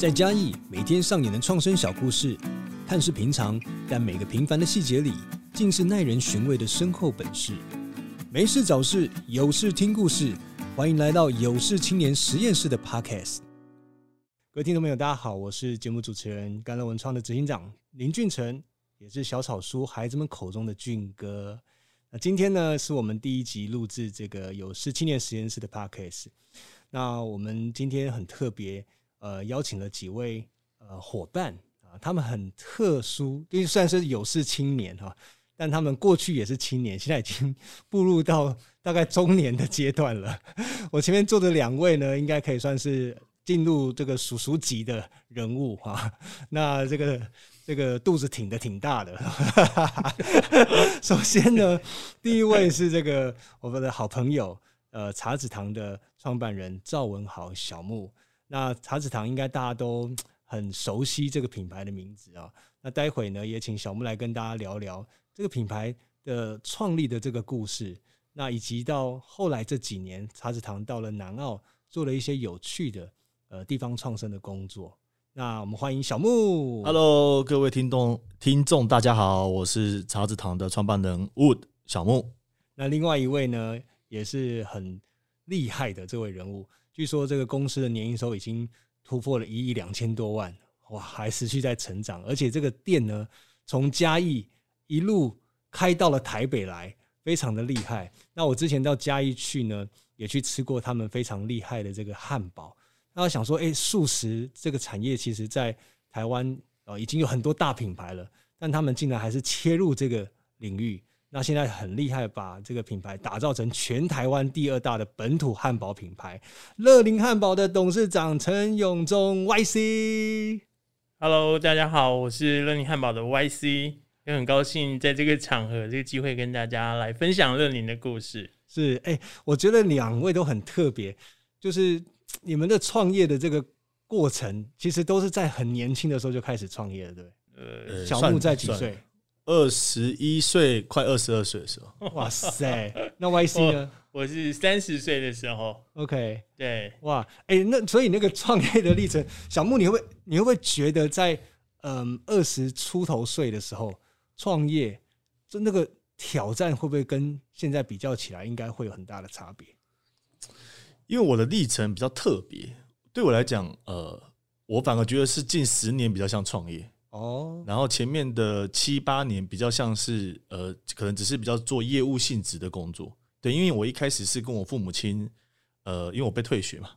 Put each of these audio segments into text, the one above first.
在嘉義每天上演的創生小故事，看似平常，但每個平凡的細節裡，竟是耐人尋味的深厚本事。沒事找事，有事聽故事，歡迎來到有事青年實驗室的 Podcast。各位聽眾朋友，大家好，我是節目主持人甘樂文創的執行長林俊成，也是小草書孩子們口中的俊哥。那今天呢，是我們第一集錄制這個有事青年實驗室的 Podcast。那我們今天很特別。呃，邀請了幾位呃夥伴啊，他們很特殊，就是算是有事青年哈、啊，但他們過去也是青年，現在已經步入到大概中年的階段了。我前面坐的兩位呢，應該可以算是進入這個叔叔級的人物哈、啊。那這個這個肚子挺得挺大的。 首先呢，第一位是這個我們的好朋友呃茶籽堂的創辦人趙文豪小木。那茶籽堂應該大家都很熟悉這個品牌的名字啊、喔。那待會呢，也請小木來跟大家聊聊這個品牌的創立的這個故事，那以及到後來這幾年茶籽堂到了南澳做了一些有趣的呃地方創生的工作。那我們歡迎小木。Hello，各位聽眾聽眾大家好，我是茶籽堂的創辦人 Wood 小木。那另外一位呢，也是很厲害的這位人物。據說這個公司的年營收已經突破了一億兩千多萬，哇，還持續在成長。而且這個店呢，從嘉義一路開到了台北來，非常的厲害。那我之前到嘉義去呢，也去吃過他們非常厲害的這個漢堡。那我想說，哎，速食這個產業其實在台灣啊，已經有很多大品牌了，但他們竟然還是切入這個領域。那現在很厲害，把這個品牌打造成全台灣第二大的本土漢堡品牌。樂檸漢堡的董事長陳永中 Y C，Hello，大家好，我是樂檸漢堡的 Y C，也很高興在這個場合、這個機會跟大家來分享樂檸的故事。是，哎、欸，我覺得兩位都很特別，就是你們的創業的這個過程，其實都是在很年輕的時候就開始創業的對，對？呃，小木在幾歲？呃二十一歲，快二十二歲的時候，哇塞！那 YC 呢？我，我是三十歲的時候，OK，對，哇，哎、欸，那所以那個創業的歷程、嗯，小木你會不會，你會不會覺得在嗯二十出頭歲的時候創業，就那個挑戰會不會跟現在比較起來，應該會有很大的差別？因為我的歷程比較特別，對我來講，呃，我反而覺得是近十年比較像創業。哦、oh.，然後前面的七八年比較像是呃，可能只是比較做業務性質的工作。對，因為我一開始是跟我父母親，呃，因為我被退學嘛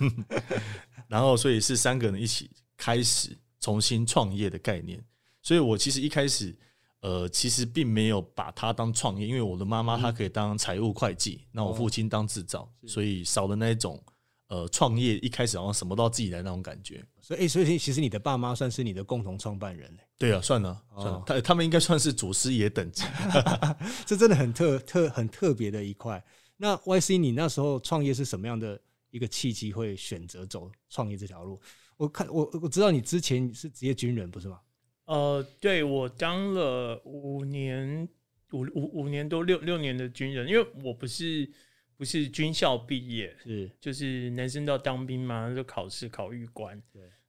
然後所以是三個人一起開始重新創業的概念。所以我其實一開始，呃，其實並沒有把它當創業，因為我的媽媽她可以當財務會計、嗯，那我父親當製造，oh. 所以少了那種。呃，創業一開始好像什麼都要自己來的那種感覺，所以，欸、所以其實你的爸媽算是你的共同創辦人，對啊，算了,、哦、算了他他們應該算是祖師爺等級， 這真的很特特很特別的一塊。那 YC，你那時候創業是什麼樣的一個契機？會選擇走創業這條路？我看我我知道你之前是職業軍人，不是嗎？呃，對我當了五年五五五年多六六年的軍人，因為我不是。不是軍校畢業，是就是男生都要當兵嘛，就考試考預官，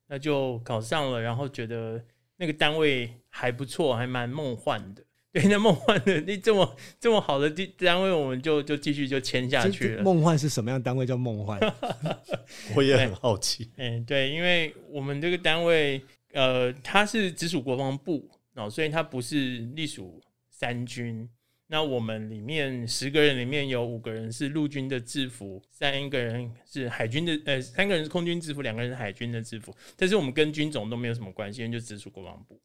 那就考上了，然後覺得那個單位還不錯，還蠻夢幻的，對，那夢幻的，那這麼這麼好的單位，我們就就繼續就簽下去了。夢幻是什麼樣的單位叫夢幻？ 我也很好奇。嗯，對，因為我們這個單位，呃，它是直屬國防部，喔，所以它不是隸屬三軍。那我們裡面十個人裡面有五個人是陸軍的制服，三個人是海軍的，呃，三個人是空軍制服，兩個人是海軍的制服。但是我們跟軍種都沒有什麼關係，因為就直屬國防部。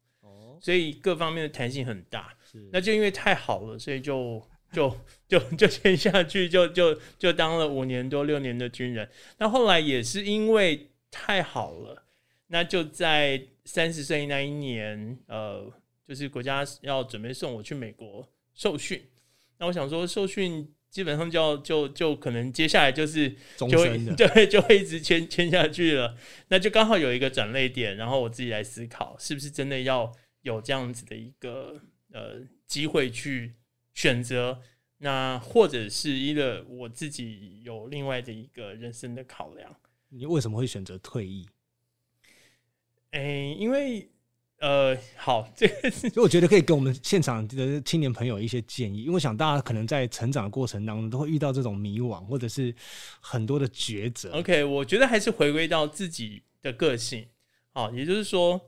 所以各方面的彈性很大。是。那就因為太好了，所以就就就就簽下去就，就就就當了五年多六年的軍人。那後來也是因為太好了，那就在三十歲那一年，呃，就是國家要準備送我去美國，受訓，那我想說，受訓基本上就要就就可能接下來就是終身的，對，就會一直簽簽下去了。那就剛好有一個轉捩點，然後我自己來思考，是不是真的要有這樣子的一個呃機會去選擇？那或者是一個我自己有另外的一個人生的考量？你為什麼會選擇退役？誒、欸，因為。呃，好，這個，是我覺得可以給我們現場的青年朋友一些建議，因為我想大家可能在成長的過程當中都會遇到這種迷惘，或者是很多的抉擇。OK，我覺得還是回歸到自己的個性。好，也就是說，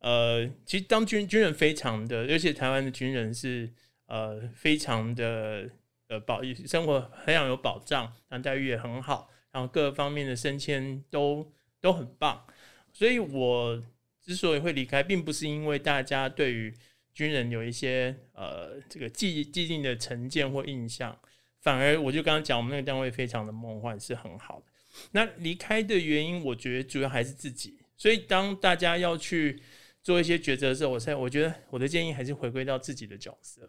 呃，其實當軍軍人非常的，尤其台灣的軍人是呃非常的呃保生活非常有保障，然後待遇也很好，然後各方面的升遷都都很棒，所以我。之所以會離開，並不是因為大家對於軍人有一些呃這個既既定的成見或印象，反而我就剛剛講，我們那個單位非常的夢幻，是很好的。那離開的原因，我覺得主要還是自己。所以當大家要去做一些抉擇的時候，我才我覺得我的建議還是回歸到自己的角色。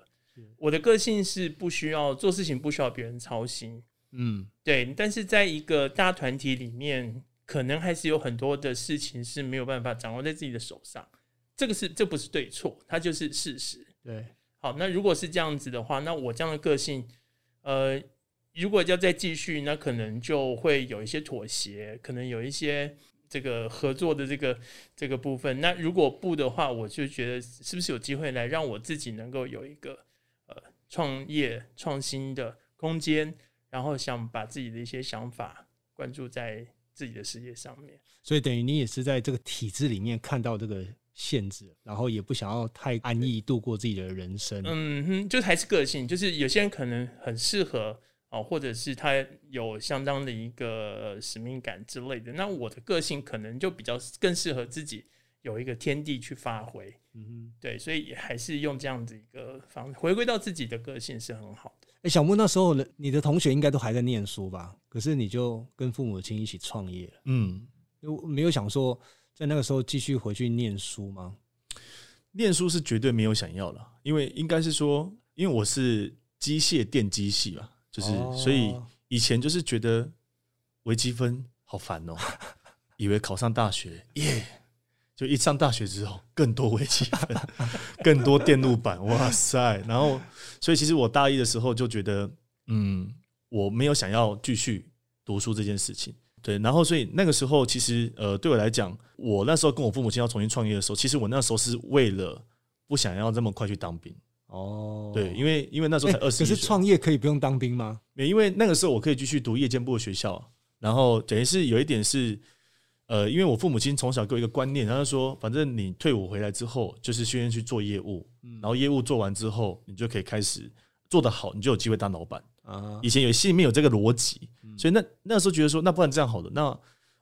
我的個性是不需要做事情，不需要別人操心。嗯，對。但是在一個大團體裡面。可能還是有很多的事情是沒有辦法掌握在自己的手上，這個是，這不是對錯，它就是事實。對，好，那如果是這樣子的話，那我這樣的個性，呃，如果要再繼續，那可能就會有一些妥協，可能有一些這個合作的這個，這個部分。那如果不的話，我就覺得是不是有機會來讓我自己能夠有一個呃創業、創新的空間，然後想把自己的一些想法關注在自己的世界上面，所以等於你也是在這個體制裡面看到這個限制，然後也不想要太安逸度過自己的人生。嗯哼，就還是個性，就是有些人可能很適合哦，或者是他有相當的一個使命感之類的。那我的個性可能就比較更適合自己有一個天地去發揮。嗯哼，對，所以還是用這樣子一個方式，回歸到自己的個性是很好的。哎、欸，小木那時候，你的同學應該都還在念書吧？可是你就跟父母親一起創業了，嗯，就沒有想說在那個時候繼續回去念書嗎？念書是絕對沒有想要了，因為應該是說，因為我是機械電機系吧，就是、哦、所以以前就是覺得微積分好煩哦、喔， 以為考上大學耶。Yeah 就一上大學之後，更多微積分，更多電路板，哇塞！然後，所以其實我大一的時候就覺得，嗯，我沒有想要繼續讀書這件事情。對，然後所以那個時候，其實呃，對我來講，我那時候跟我父母親要重新創業的時候，其實我那時候是為了不想要這麼快去當兵。哦，對，因為因為那時候才二十歲，可是創業可以不用當兵嗎？沒，因為那個時候我可以繼續讀夜間部的學校，然後等於是有一點是。呃，因為我父母親從小給我一個觀念，他就說，反正你退伍回來之後，就是訓練去做業務、嗯，然後業務做完之後，你就可以開始做得好，你就有機會當老板、啊、以前有心裡面有這個邏輯、嗯，所以那那時候覺得說，那不然這樣好了。那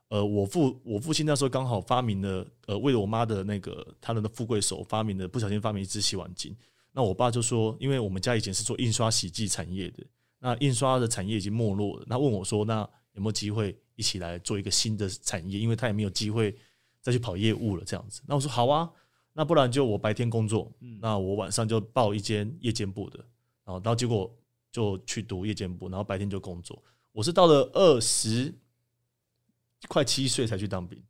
呃，我父我父親那時候剛好發明了，呃，為了我媽的那個他們的富貴手發明了，不小心發明一支洗碗精。那我爸就說，因為我們家以前是做印刷洗劑產業的，那印刷的產業已經沒落了。那問我說，那，有沒有機會一起來做一個新的產業？因為他也沒有機會再去跑業務了，這樣子。那我說好啊，那不然就我白天工作，那我晚上就報一間夜間部的。然後，到結果就去讀夜間部，然後白天就工作。我是到了二十快七歲才去當兵，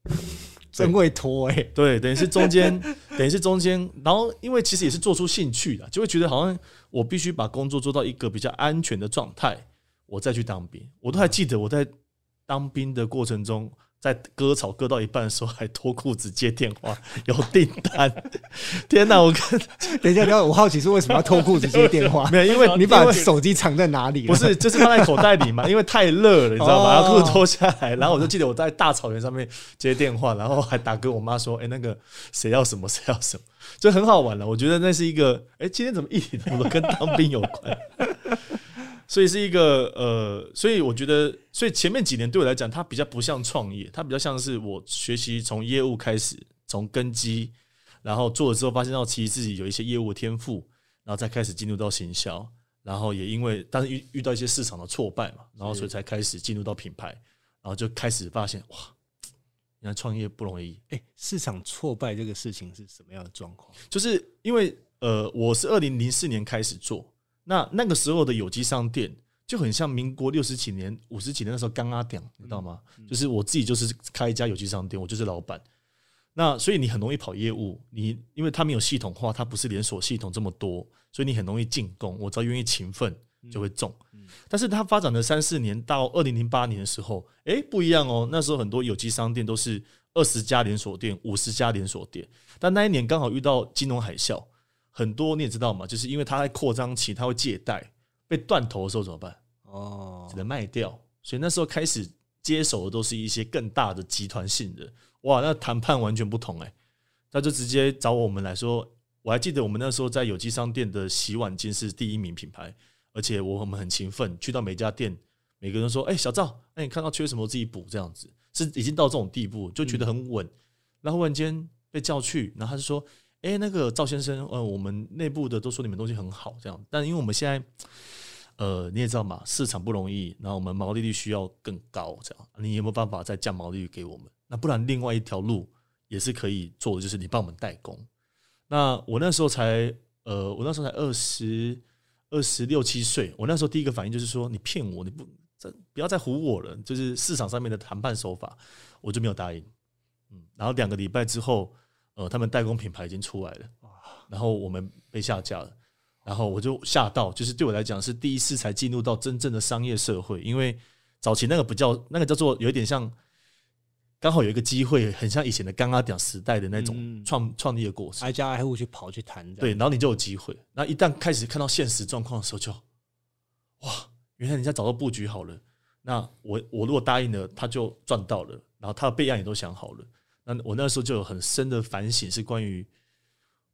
真會拖哎。對，對，等於是中間，等於是中間。然後，因為其實也是做出興趣的，就會覺得好像我必須把工作做到一個比較安全的狀態，我再去當兵，我都還記得我在當兵的過程中，在割草割到一半的時候，還脫褲子接電話有訂單。 天哪、啊！我跟等一下，聊，我好奇是為什麼要脫褲子接電話？ 沒有，因為你把手機藏在哪裡了？不是，就是放在口袋裡嘛。 因為太熱了，你知道吧？把褲子脫下來，然後我就記得我在大草原上面接電話，然後還打給我媽說：“哎、欸，那個誰要什麼，誰要什麼。”就很好玩了。我覺得那是一個……哎、欸，今天怎麼議題都跟當兵有關？ 所以是一個呃，所以我覺得，所以前面幾年對我來講，它比較不像創業，它比較像是我學習從業務開始，從根基，然後做了之後發現到其實自己有一些業務的天賦，然後再開始進入到行銷，然後也因為但是遇遇到一些市場的挫敗嘛，然後所以才開始進入到品牌，然後就開始發現哇，原來創業不容易。哎、欸，市場挫敗這個事情是什麼樣的狀況？就是因為呃，我是二零零四年開始做。那那個時候的有機商店就很像民國六十幾年、五十幾年的時候剛阿講你知道嗎、嗯。就是我自己就是開一家有機商店，我就是老闆。那所以你很容易跑業務，你因為它沒有系統化，它不是連鎖系統這麼多，所以你很容易進攻。我只要願意勤奮，就會中、嗯嗯。但是它發展的三四年到二零零八年的時候，哎、欸，不一樣哦。那時候很多有機商店都是二十家連鎖店、五十家連鎖店，但那一年剛好遇到金融海嘯。很多你也知道嘛，就是因為他在擴張期，他會借貸，被斷頭的時候怎麼辦？哦，只能賣掉。所以那時候開始接手的都是一些更大的集團性的。哇，那談判完全不同誒、欸。他就直接找我們來說。我還記得我們那時候在有機商店的洗碗巾是第一名品牌，而且我我們很勤奮，去到每家店，每個人都說：“誒，小趙，誒，你看到缺什麼我自己補。”這樣子是已經到這種地步，就覺得很穩。然後忽然間被叫去，然後他就說。誒，那個趙先生，呃，我們內部的都說你們東西很好，這樣。但因為我們現在，呃，你也知道嘛，市場不容易，然後我們毛利率需要更高，這樣。你有沒有辦法再降毛利率給我們？那不然，另外一條路也是可以做的，就是你幫我們代工。那我那時候才，呃，我那時候才二十二十六七歲，我那時候第一個反應就是說，你騙我，你不，不要再唬我了，就是市場上面的談判手法，我就沒有答應。嗯，然後兩個禮拜之後，呃，他們代工品牌已經出來了，然後我們被下架了，然後我就嚇到，就是對我來講是第一次才進入到真正的商業社會，因為早期那個不叫那個叫做有一點像，剛好有一個機會，很像以前的剛剛講時代的那種創創業過程，挨家挨戶去跑去談，對，然後你就有機會，那一旦開始看到現實狀況的時候，就哇，原來人家早就布局好了，那我我如果答應了，他就賺到了，然後他的備案也都想好了。那我那時候就有很深的反省，是關於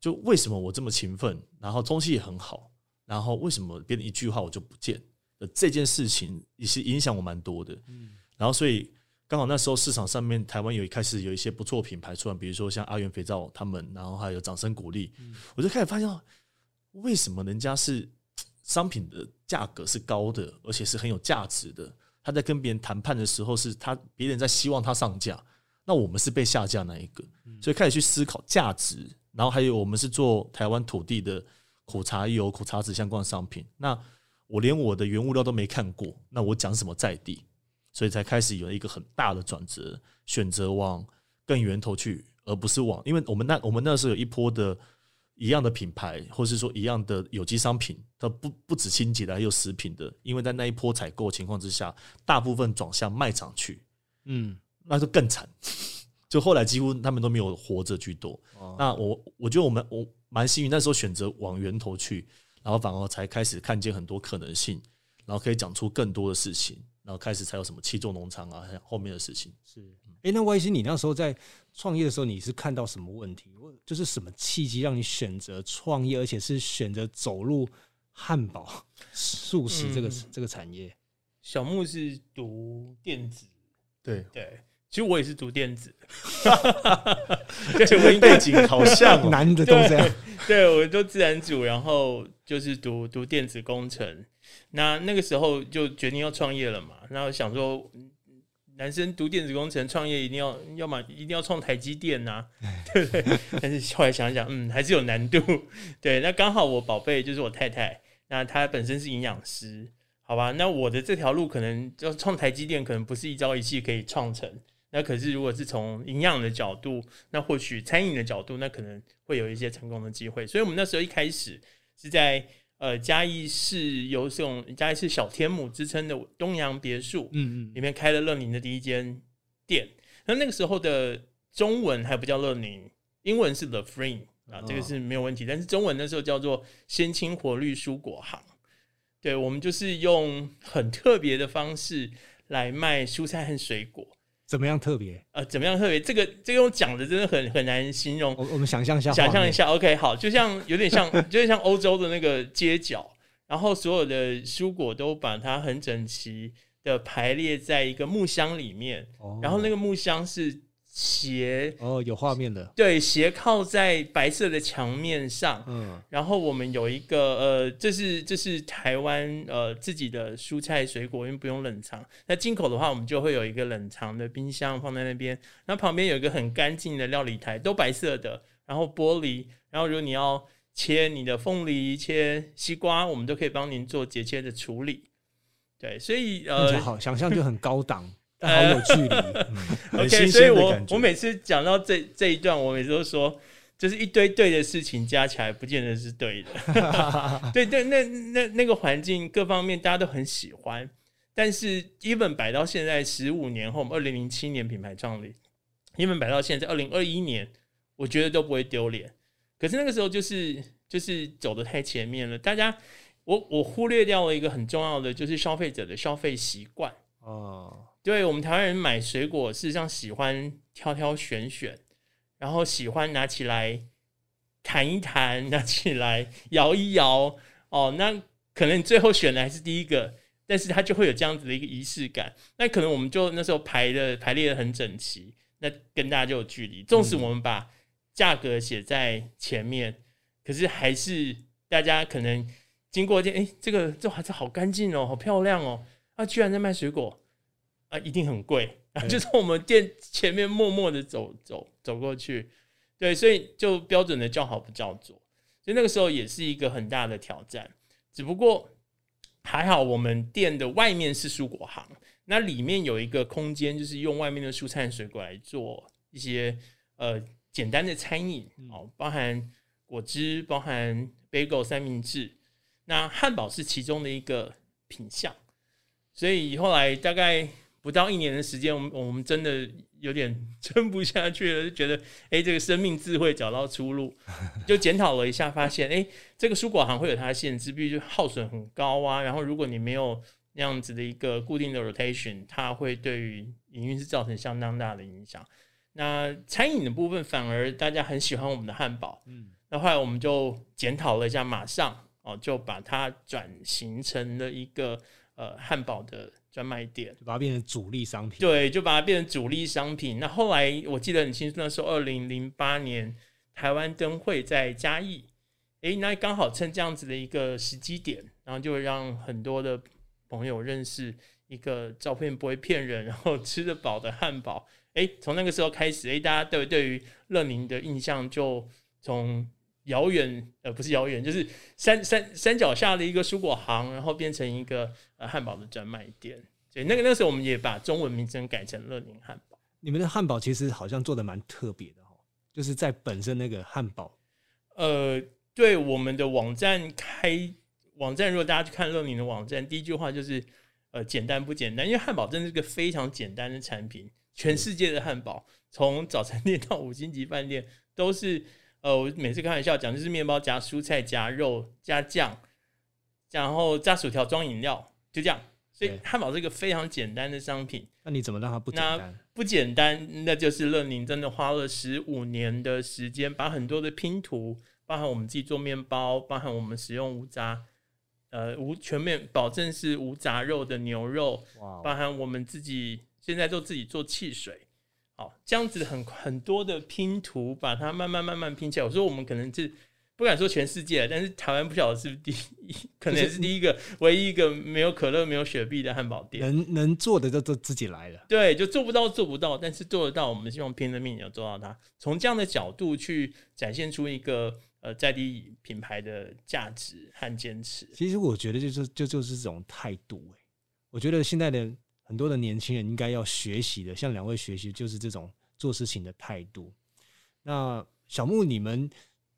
就為什麼我這麼勤奮，然後東西也很好，然後為什麼別人一句話我就不見？這件事情也是影響我蠻多的。然後所以剛好那時候市場上面台灣有一開始有一些不錯品牌出來，比如說像阿元肥皂他們，然後還有掌聲鼓勵，我就開始發現為什麼人家是商品的價格是高的，而且是很有價值的，他在跟別人談判的時候是他別人在希望他上架。那我們是被下架的那一個，所以開始去思考價值，然後還有我們是做台灣土地的苦茶油、苦茶籽相關的商品。那我連我的原物料都沒看過，那我講什麼在地？所以才開始有一個很大的轉折，選擇往更源頭去，而不是往。因為我們那我們那時候有一波的一樣的品牌，或是說一樣的有機商品，它不不止清潔的，還有食品的。因為在那一波採購情況之下，大部分轉向賣場去，嗯。那就更慘，就後來幾乎他們都沒有活着居多。那我我覺得我們我蠻幸運，那時候選擇往源頭去，然後反而才開始看見很多可能性，然後可以講出更多的事情，然後開始才有什麼七座農場啊，後面的事情是。哎、嗯欸，那萬一是你那時候在創業的時候，你是看到什麼問題，就是什麼契機讓你選擇創業，而且是選擇走入漢堡素食這個、嗯、這個產業？小木是讀電子，對對。其實我也是讀電子， 哈哈哈。這背景好像、喔、 男的都這樣。對，我做自然組，然後就是讀讀電子工程。那那個時候就決定要創業了嘛。然後想說，男生讀電子工程創業，一定要，要麼一定要創台積電吶、啊，對不對，對？但是後來想想，嗯，還是有難度。對，那剛好我寶貝就是我太太，那她本身是營養師，好吧？那我的這條路可能要創台積電，可能不是一朝一夕可以創成。那可是，如果是從營養的角度，那或許餐飲的角度，那可能會有一些成功的機會。所以，我們那時候一開始是在呃嘉義市，有這種嘉義市小天母之稱的東洋別墅，嗯嗯，裡面開了樂檸的第一間店嗯嗯。那那個時候的中文還不叫樂檸，英文是 The Freen 啊，這個是沒有問題，哦。但是中文那時候叫做鮮青活綠蔬果行，對，我們就是用很特別的方式來賣蔬菜和水果。怎麼樣特別？呃，怎麼樣特別？這個這個我講的真的很很難形容。我我們想象一下，想象一下。OK，好，就像有點像， 就像歐洲的那個街角，然後所有的蔬果都把它很整齊的排列在一個木箱裡面，哦、然後那個木箱是。斜哦，有畫面的。對，斜靠在白色的牆面上。嗯，然後我們有一個呃，這是這是台灣呃自己的蔬菜水果，因為不用冷藏。那進口的話，我們就會有一個冷藏的冰箱放在那邊。那旁邊有一個很乾淨的料理台，都白色的，然後玻璃。然後如果你要切你的鳳梨、切西瓜，我們都可以幫您做節切的處理。對，所以呃，好，想象就很高檔。 好有趣，OK，所以我 我每次講到這這一段，我每次都說，就是一堆對的事情加起來，不見得是對的。 對，對，那那那個環境各方面，大家都很喜歡。但是，even 擺到現在十五年後，我們二零零七年品牌創立，even 擺到現在二零二一年，我覺得都不會丟臉。可是那個時候，就是，就是就是走得太前面了，大家，我我忽略掉了一個很重要的，就是消費者的消費習慣。對，我們臺灣人買水果，事實上喜歡挑挑選選，然後喜歡拿起來彈一彈，拿起來搖一搖。哦，那可能最後選的還是第一個，但是它就會有這樣子的一個儀式感。那可能我們就那時候排的排列的很整齊，那跟大家就有距離。縱使我們把價格寫在前面，嗯，可是還是大家可能經過這，哎，欸，這個這還是好乾淨哦，好漂亮哦，喔，啊，居然在賣水果。啊，一定很貴，嗯，啊，就從，是我們店前面默默的走走走過去，對，所以就標準的叫好不叫座，所以那個時候也是一個很大的挑戰。只不過還好，我們店的外面是蔬果行，那裡面有一個空間，就是用外面的蔬菜水果來做一些呃簡單的餐飲哦，包含果汁，包含 bagel 三明治，那漢堡是其中的一個品項，所以後來大概。不到一年的時間，我們我們真的有點撐不下去了，就覺得誒、欸，這個生命智慧找到出路，就檢討了一下，發現誒、欸，這個蔬果行會有它的限制，比如耗損很高啊，然後如果你沒有那樣子的一個固定的 rotation，它會對於營運是造成相當大的影響。那餐飲的部分反而大家很喜歡我們的漢堡，嗯，那後來我們就檢討了一下，馬上哦就把它轉型成了一個呃漢堡的。專賣店，就把它變成主力商品。對，就把它變成主力商品。那後來我記得很清楚，那時候二零零八年台灣燈會在嘉義，誒、欸，那剛好趁這樣子的一個時機點，然後就會讓很多的朋友認識一個照片不會騙人，然後吃得飽的漢堡。誒、欸，從那個時候開始，誒、欸，大家對對於樂檸的印象就從。遙遠，呃，不是遙遠，就是山山山腳下的一個蔬果行，然後變成一個呃漢堡的專賣店。對，那個那時候我們也把中文名稱改成樂檸漢堡。你們的漢堡其實好像做得蠻特別的，就是在本身那個漢堡，呃，對我們的網站開網站，如果大家去看樂檸的網站，第一句話就是呃簡單不簡單，因為漢堡真的是一個非常簡單的產品，全世界的漢堡，從早餐店到五星級飯店都是。呃，我每次開玩笑講，就是麵包夾蔬菜夾肉加醬，然後炸薯條裝飲料，就這樣。所以漢堡是一個非常簡單的商品。那你怎麼讓它不簡單？那不簡單，那就是樂檸真的花了十五年的時間，把很多的拼圖，包含我們自己做麵包，包含我們使用無雜，呃，無全面保證是無雜肉的牛肉，包含我們自己現在做自己做汽水。哦，這樣子很很多的拼圖，把它慢慢慢慢拼起來。我說我們可能就不敢說全世界，但是台灣不曉得是不是第一，可能是第一個、就是、唯一一個沒有可樂、沒有雪碧的漢堡店。能能做的就做自己來的，對，就做不到做不到，但是做得到，我們希望拼了命也要做到它。從這樣的角度去展現出一個呃在地品牌的價值和堅持。其實我覺得就是就就是這種態度、欸，哎，我覺得現在的。很多的年輕人應該要學習的，向兩位學習，就是這種做事情的態度。那小木，你們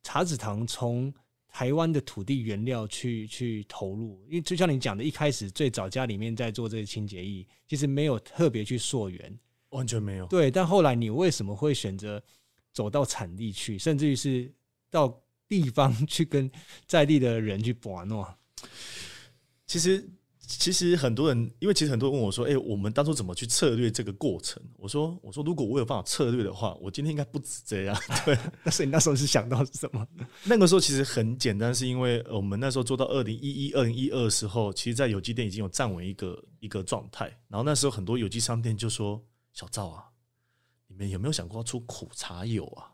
茶籽堂從台灣的土地原料去去投入，因為就像你講的，一開始最早家裡面在做這個清潔劑，其實沒有特別去溯源，完全沒有。對，但後來你為什麼會選擇走到產地去，甚至於是到地方 去跟在地的人去把弄？其實。其實很多人，因為其實很多人問我說：“哎、欸，我們當初怎麼去策略這個過程？”我說：“我說，如果我有辦法策略的話，我今天應該不止這樣。”對，但 是你那時候是想到是什麼？那個時候其實很簡單，是因為我們那時候做到二零一一、二零一二的時候，其實，在有機店已經有站穩一個一個狀態。然後那時候很多有機商店就說：“小趙啊，你們有沒有想過要出苦茶油啊？”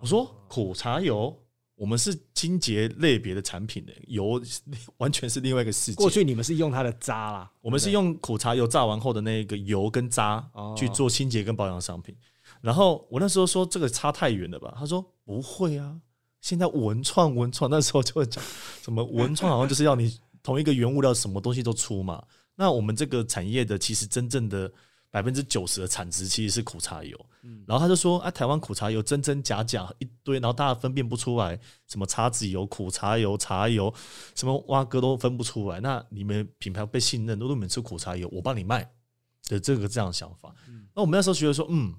我說：“苦茶油。”我們是清潔類別的產品，的油完全是另外一個世界。過去你們是用它的渣啦，我們是用苦茶油榨完後的那個油跟渣去做清潔跟保養商品。然後我那時候說這個差太遠了吧，他說不會啊，現在文創文創那時候就會講什麼文創，好像就是要你同一個原物料什麼東西都出嘛。那我們這個產業的其實真正的。百分之九十的產值其實是苦茶油，然後他就說啊，台灣苦茶油真真假假一堆，然後大家分辨不出來什麼茶籽油、苦茶油、茶油，什麼挖哥都分不出來。那你們品牌被信任，如果你們吃苦茶油，我幫你賣就這個這樣的想法。那我們那時候覺得說，嗯，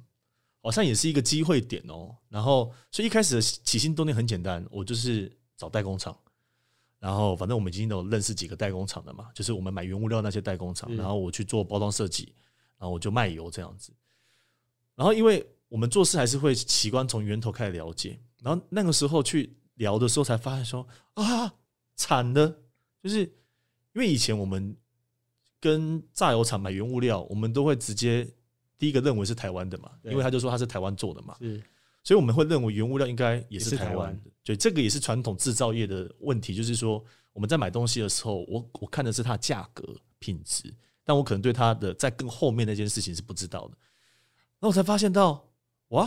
好像也是一個機會點哦、喔。然後所以一開始的起心動念很簡單，我就是找代工廠，然後反正我們已經都有認識幾個代工廠的嘛，就是我們買原物料那些代工廠，然後我去做包裝設計。然後我就賣油這樣子，然後因為我們做事還是會習慣從源頭開始了解，然後那個時候去聊的時候才發現說，啊慘了，就是因為以前我們跟榨油廠買原物料，我們都會直接第一個認為是台灣的嘛，因為他就說他是台灣做的嘛，所以我們會認為原物料應該也是台灣的，對，這個也是傳統製造業的問題，就是說我們在買東西的時候我，我我看的是它的價格品質。但我可能對他的在更後面那件事情是不知道的，然後我才發現到哇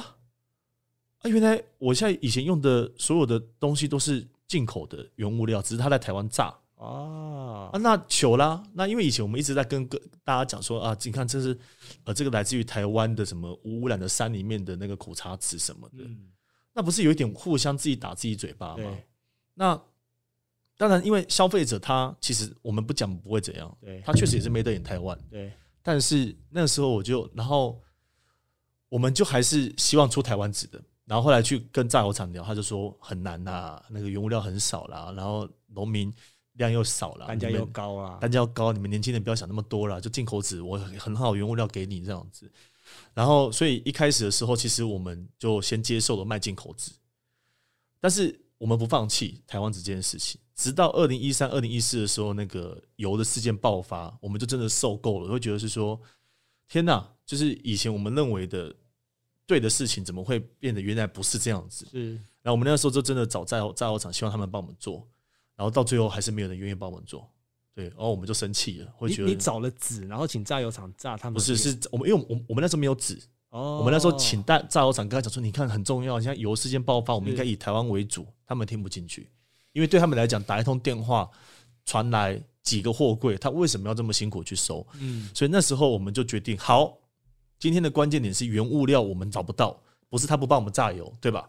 啊，原來我現在以前用的所有的東西都是進口的原物料，只是他在台灣炸啊，啊。那糗啦，那因為以前我們一直在跟跟大家講說啊，你看這是呃這個來自於台灣的什麼無污染的山裡面的那個苦茶籽什麼的，嗯、那不是有一點互相自己打自己嘴巴嗎？那。當然，因為消費者他其實我們不講不會怎樣，他確實也是沒得演台灣。對，但是那個時候我就，然後我們就還是希望出台灣籽的。然後後來去跟榨油廠聊，他就說很難啊，那個原物料很少啦。然後農民量又少了，單價又高了，單價又高，你們年輕人不要想那麼多了，就進口籽，我很好原物料給你這樣子。然後，所以一開始的時候，其實我們就先接受了賣進口籽，但是我們不放棄台灣籽這件事情。直到二零一三、二零一四的時候，那個油的事件爆發，我們就真的受夠了，會覺得是說：天哪！就是以前我們認為的對的事情，怎麼會變得原來不是這樣子？是。然後我們那時候就真的找榨油，榨油廠，希望他們幫我們做，然後到最後還是沒有人願意幫我們做。對，然後我們就生氣了，會覺得你，你找了籽，然後請榨油廠榨他們。不是，是我們因為我們，我們，我們，我們那時候沒有籽。哦。我們那時候請榨，榨油廠跟他講說：你看，很重要，現在油事件爆發，我們應該以台灣為主。他們聽不進去。因為對他們來講，打一通電話傳來幾個貨櫃，他為什麼要這麼辛苦去收？嗯，所以那時候我們就決定，好，今天的關鍵點是原物料我們找不到，不是他不幫我們榨油，對吧？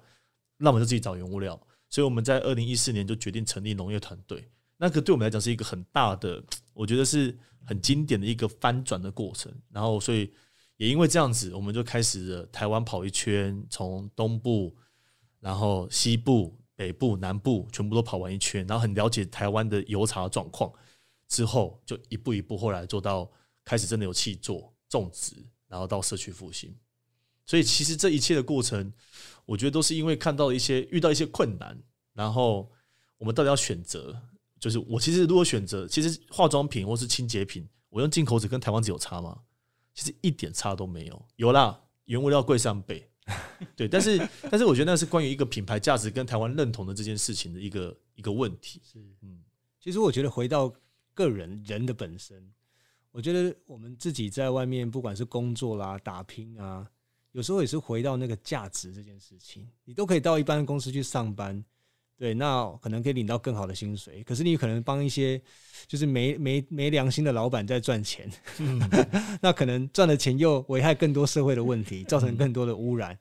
那我們就自己找原物料。所以我們在二零一四年就決定成立農業團隊。那個對我們來講是一個很大的，我覺得是很經典的一個翻轉的過程。然後，所以也因為這樣子，我們就開始了台灣跑一圈，從東部，然後西部，北部、南部全部都跑完一圈，然後很了解台灣的油茶狀況，之後就一步一步，後來做到開始真的有契作種植，然後到社區復興。所以其實這一切的過程，我覺得都是因為看到了一些遇到一些困難，然後我們到底要選擇，就是我其實如果選擇，其實化妝品或是清潔品，我用進口籽跟台灣籽有差嗎？其實一點差都沒有，有啦，原物料貴三倍。 對，但是但是我覺得那是關於一個品牌價值跟台灣認同的這件事情的一個一個問題。是，嗯，其實我覺得回到個人人的本身，我覺得我們自己在外面不管是工作啦、啊、打拼啊，有時候也是回到那個價值這件事情，你都可以到一般的公司去上班。對，那可能可以領到更好的薪水，可是你可能幫一些就是沒沒沒良心的老板在賺錢，嗯、 那可能賺了錢又危害更多社會的問題，造成更多的污染。嗯、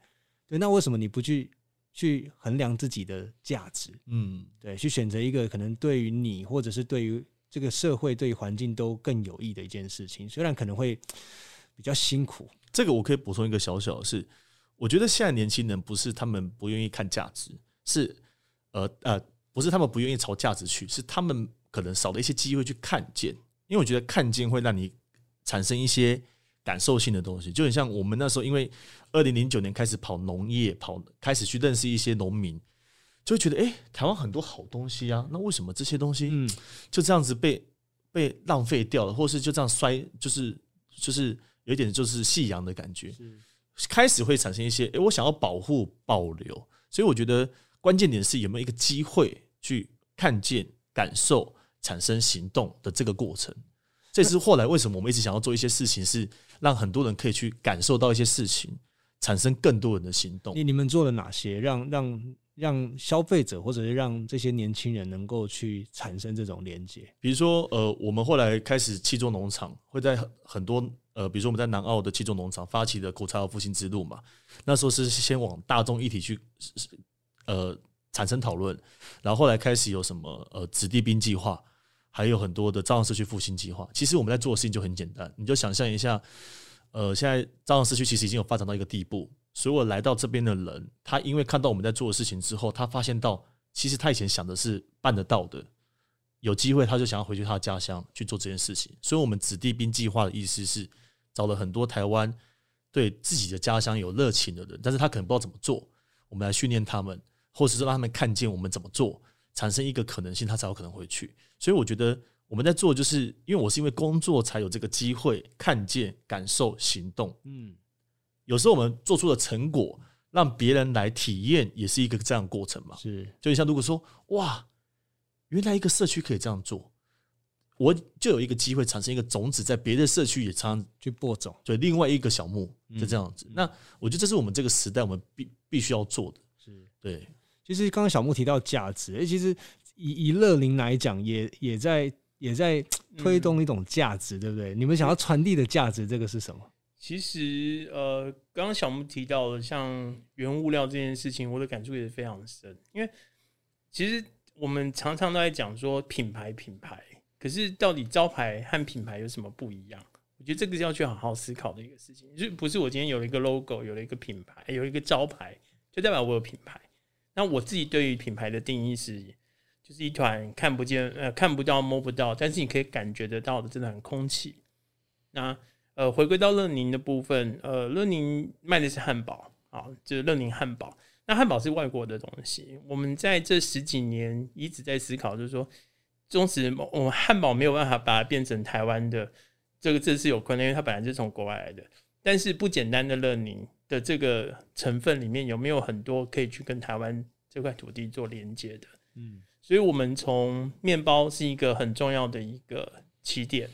對，那為什麼你不去去衡量自己的價值？嗯，對，去選擇一個可能對於你，或者是對於這個社會、對於環境都更有益的一件事情，雖然可能會比較辛苦。這個我可以補充一個小小的是，我覺得現在年輕人不是他們不願意看價值，是。呃，呃，不是他們不願意朝價值去，是他們可能少了一些機會去看見。因為我覺得看見會讓你產生一些感受性的東西，就很像我們那時候，因為二零零九年開始跑農業，跑開始去認識一些農民，就會覺得哎、欸，台灣很多好東西啊，那為什麼這些東西就這樣子被被浪費掉了，或是就這樣摔，就是就是有一點就是夕陽的感覺，開始會產生一些哎、欸，我想要保護保留，所以我覺得。關鍵點是有沒有一個機會去看見、感受、產生行動的這個過程。這是後來為什麼我們一直想要做一些事情，是讓很多人可以去感受到一些事情，產生更多人的行動。你你們做了哪些讓讓讓消費者或者是讓這些年輕人能夠去產生這種連接？比如說，呃，我們後來開始契作農場會在很多呃，比如說我們在南澳的契作農場發起的“苦茶油復興之路”嘛，那時候是先往大眾議題去。呃，產生討論，然後後來開始有什麼呃子弟兵計劃，還有很多的朝陽社區復興計劃。其實我們在做的事情就很簡單，你就想象一下，呃，現在朝陽社區其實已經有發展到一個地步，所有來到這邊的人，他因為看到我們在做的事情之後，他發現到其實他以前想的是辦得到的，有機會他就想要回去他的家鄉去做這件事情。所以我們子弟兵計劃的意思是，找了很多台灣對自己的家鄉有熱情的人，但是他可能不知道怎麼做，我們來訓練他們。或者說讓他們看見我們怎麼做，產生一個可能性，他才有可能回去。所以我覺得我們在做，就是因為我是因為工作才有這個機會看見、感受、行動。嗯，有時候我們做出的成果讓別人來體驗，也是一個這樣的過程嘛。是，就像如果說哇，原來一個社區可以這樣做，我就有一個機會產生一個種子，在別的社區也常常去播種，對，另外一個小木就這樣子。嗯。那我覺得這是我們這個時代我們必必須要做的。是，對。其實剛剛小木提到價值、欸，其實以以樂檸來講，也也在也在推動一種價值、嗯，對不對？你們想要傳遞的價值，這個是什麼？其實呃，剛剛小木提到的像原物料這件事情，我的感觸也是非常深，因為其實我們常常都在講說品牌品牌，可是到底招牌和品牌有什麼不一樣？我覺得這個是要去好好思考的一個事情，就不是我今天有了一個 logo，有了一個品牌，有一個招牌，就代表我有品牌。那我自己對於品牌的定義是，就是一團看不見、呃，看不到、摸不到，但是你可以感覺得到的，真的很空氣。那呃，回歸到樂檸的部分，呃，樂檸賣的是漢堡啊，就是樂檸漢堡。那漢堡是外國的東西，我們在這十幾年一直在思考，就是說，中時我們漢堡沒有辦法把它變成台灣的，這個這是有可能，因為它本來就是從國外來的。但是不簡單的樂檸的這個成分裡面有沒有很多可以去跟台灣這塊土地做連接的？嗯，所以我們從麵包是一個很重要的一個起點。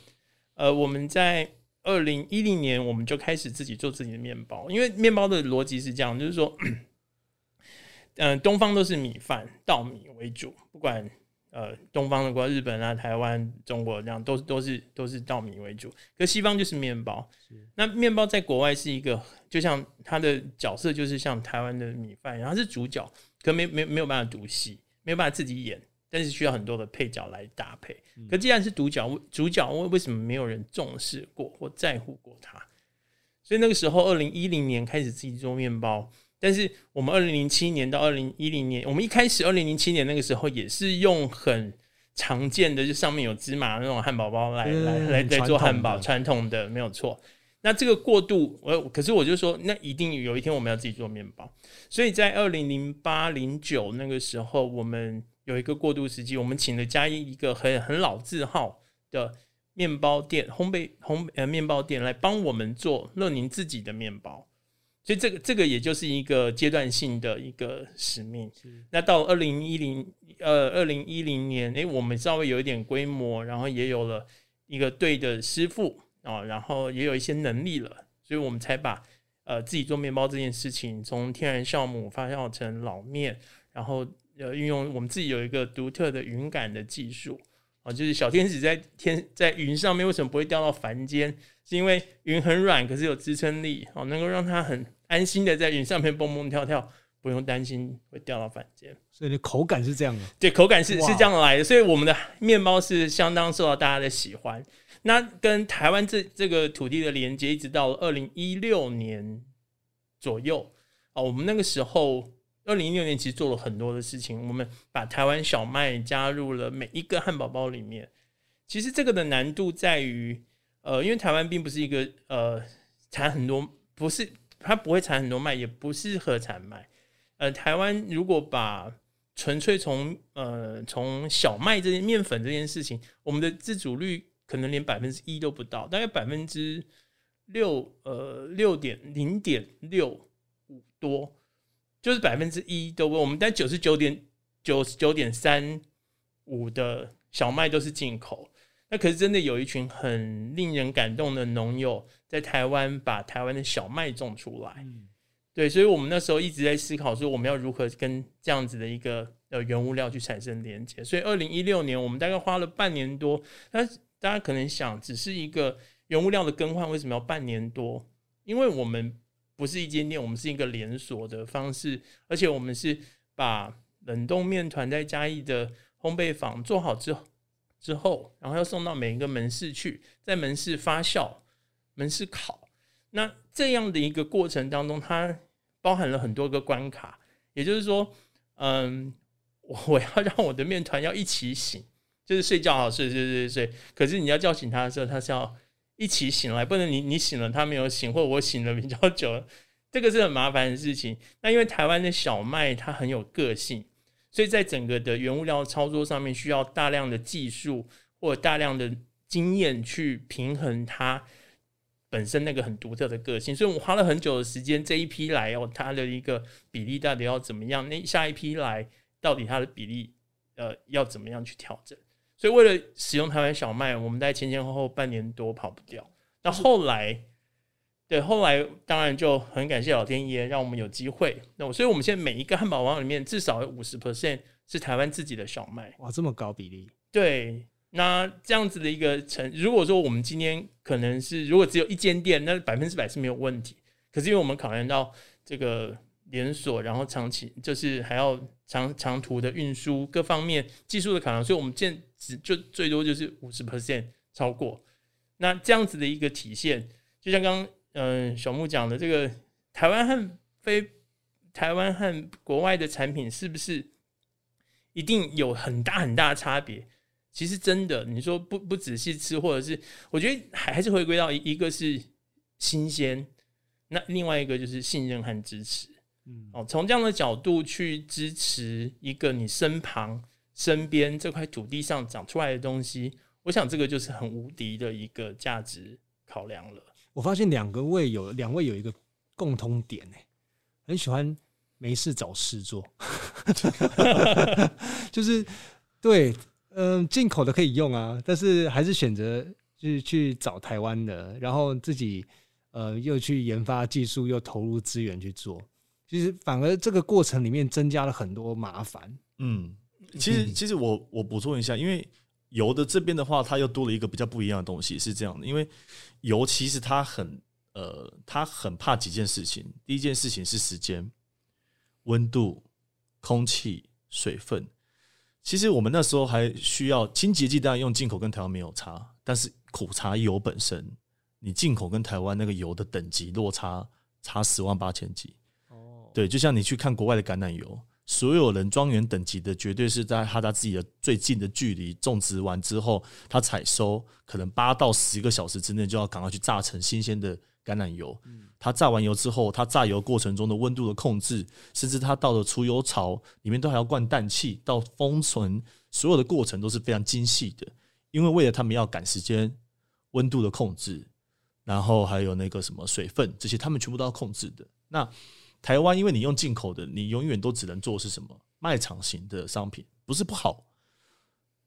呃，我們在二零一零年我們就開始自己做自己的麵包，因為麵包的邏輯是這樣，就是說，嗯，東方都是米飯、稻米為主，不管。呃，東方的國家，日本啊、台灣、中國這樣，都是都是都是稻米為主。可是西方就是麵包。那麵包在國外是一個，就像它的角色就是像台灣的米飯一樣。它是主角，可沒沒沒有辦法獨戲，沒有辦法自己演，但是需要很多的配角來搭配。嗯、可既然是獨角，主角為為什麼沒有人重視過或在乎過它？所以那個時候，二零一零年開始自己做麵包。但是我們二零零七年到二零一零年，我們一開始二零零七年那個時候也是用很常見的，就上面有芝麻那種漢堡包來、嗯、來來，來做漢堡，傳統的，傳統的沒有錯。那這個過渡，我可是我就說，那一定有一天我們要自己做麵包。所以在二零零八零九那個時候，我們有一個過渡時期，我們請了嘉一一個很很老字號的麵包店，烘焙烘焙呃麵包店來幫我們做樂檸自己的麵包。所以這個這個也就是一個階段性的一個使命。那到二零一零呃二零一零年，誒、欸，我們稍微有一點規模，然後也有了一個對的師傅啊、哦，然後也有一些能力了，所以我們才把呃自己做麵包這件事情，從天然酵母發酵成老麵，然後呃運用我們自己有一個獨特的雲感的技術。哦，就是小天使在天在雲上面，為什麼不會掉到凡間？是因為雲很軟，可是有支撐力哦，能夠讓它很安心的在雲上面蹦蹦跳跳，不用擔心會掉到凡間。所以你口感是這樣的、啊，對，口感是是這樣的來的。所以我們的麵包是相當受到大家的喜歡。那跟台灣這這個土地的連接，一直到了二零一六年左右啊，我們那個時候。二零一六年其實做了很多的事情，我們把台灣小麥加入了每一個漢堡包裡面。其實這個的難度在於，呃，因為台灣並不是一個呃產很多，不是它不會產很多麥，也不適合產麥。呃，台灣如果把純粹從呃從小麥這些麵粉這件事情，我們的自主率可能連百分之一都不到，大概百分之六呃六點零點六五多。就是百分之一都不，我們在九十九點九十九點三五的小麥都是進口。那可是真的有一群很令人感動的農友在台灣把台灣的小麥種出來。嗯。對，所以我們那時候一直在思考說，我們要如何跟這樣子的一個呃原物料去產生連接。所以二零一六年我們大概花了半年多。那大家可能想，只是一個原物料的更換，為什麼要半年多？因為我們不是一間店，我們是一個連鎖的方式，而且我們是把冷凍麵團在嘉義的烘焙坊做好之後，之後，然後要送到每一個門市去，在門市發酵、門市烤。那這樣的一個過程當中，它包含了很多個關卡，也就是說，嗯，我我要讓我的麵團要一起醒，就是睡覺好，睡睡睡睡，可是你要叫醒它的時候，它是要。一起醒來，不能你你醒了，他沒有醒，或我醒了比較久了，這個是很麻煩的事情。那因為台灣的小麥它很有個性，所以在整個的原物料操作上面需要大量的技術或大量的經驗去平衡它本身那個很獨特的個性。所以，我們花了很久的時間，這一批來哦，它的一個比例到底要怎麼樣？那下一批來到底它的比例呃要怎麼樣去調整？所以為了使用台灣小麥，我們在前前後後半年多跑不掉。那後來，對後來當然就很感謝老天爺，讓我們有機會。那我所以我們現在每一個漢堡王裡面至少有五十 percent 是台灣自己的小麥。哇，這麼高比例！對，那這樣子的一個成，如果說我們今天可能是如果只有一間店，那百分之百是沒有問題。可是因為我們考驗到這個連鎖，然後長期就是還要長長途的運輸各方面技術的考量，所以我們建。就最多就是五十 percent 超過，那這樣子的一個體現，就像剛剛嗯小木講的，這個台灣和非台灣和國外的產品是不是一定有很大很大差別？其實真的，你說不不仔細吃，或者是我覺得還還是回歸到一個是新鮮，那另外一個就是信任和支持，嗯哦，從這樣的角度去支持一個你身旁。身邊這塊土地上長出來的東西，我想這個就是很無敵的一個價值考量了。我發現兩個位有兩位有一個共通點，欸、很喜歡沒事找事做 就是對，嗯、呃，進口的可以用啊，但是還是選擇去去找台灣的，然後自己呃又去研發技術，又投入資源去做，其實反而這個過程裡面增加了很多麻煩，嗯。其實，其實我我補充一下，因為油的這邊的話，它又多了一個比較不一樣的東西，是這樣的。因為油其實它很呃，它很怕幾件事情。第一件事情是時間、溫度、空氣、水分。其實我們那時候還需要清潔劑，當然用進口跟台灣沒有差，但是苦茶油本身，你進口跟台灣那個油的等級落差差十萬八千幾。哦、oh.，對，就像你去看國外的橄欖油。所有人莊園等級的，絕對是在他他自己的最近的距離種植完之後，他採收可能八到十個小時之內就要趕快去榨成新鮮的橄欖油。他榨完油之後，他榨油過程中的溫度的控制，甚至他到了出油槽裡面都還要灌氮氣到封存，所有的過程都是非常精細的。因為為了他們要趕時間、溫度的控制，然後還有那個什麼水分這些，他們全部都要控制的。那台灣因為你用進口的，你永遠都只能做是什麼賣場型的商品，不是不好，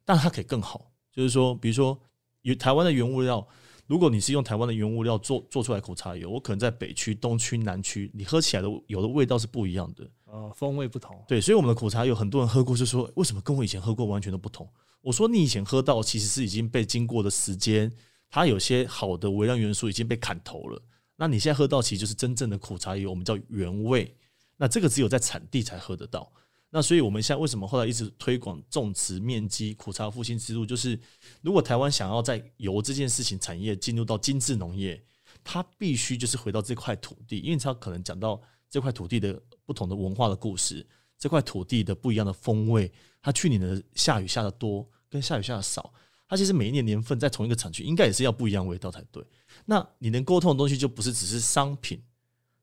但它可以更好。就是說，比如說有台灣的原物料，如果你是用台灣的原物料做做出來苦茶油，我可能在北區、東區、南區，你喝起來的有的味道是不一樣的，呃，風味不同。對，所以我們的苦茶油很多人喝過，就說為什麼跟我以前喝過完全都不同？我說你以前喝到其實是已經被經過的時間，它有些好的微量元素已經被砍頭了。那你現在喝到其實就是真正的苦茶油，我們叫原味。那這個只有在產地才喝得到。那所以我們現在為什麼後來一直推廣種植面積、苦茶復興之路？就是如果台灣想要在油這件事情產業進入到精致農業，它必須就是回到這塊土地，因為它可能講到這塊土地的不同的文化的故事，這塊土地的不一樣的風味，它去年的下雨下得多，跟下雨下得少。它其實每一年年份在同一個產區，應該也是要不一樣味道才對。那你能溝通的東西，就不是只是商品，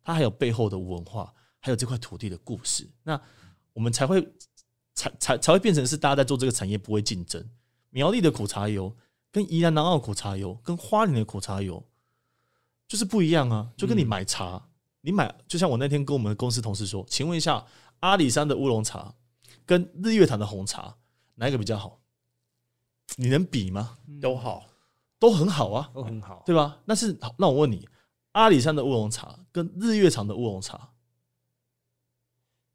它還有背後的文化，還有這塊土地的故事。那我們才會才才才會變成是大家在做這個產業不會競爭。苗栗的苦茶油跟宜蘭南澳苦茶油，跟花蓮的苦茶油就是不一樣啊！就跟你買茶，你買就像我那天跟我們的公司同事說，請問一下阿里山的烏龍茶跟日月潭的紅茶哪一個比較好？你能比嗎？嗯、都好，都很好啊，都很好，對吧？那是那我問你，阿里山的烏龍茶跟日月潭的烏龍茶，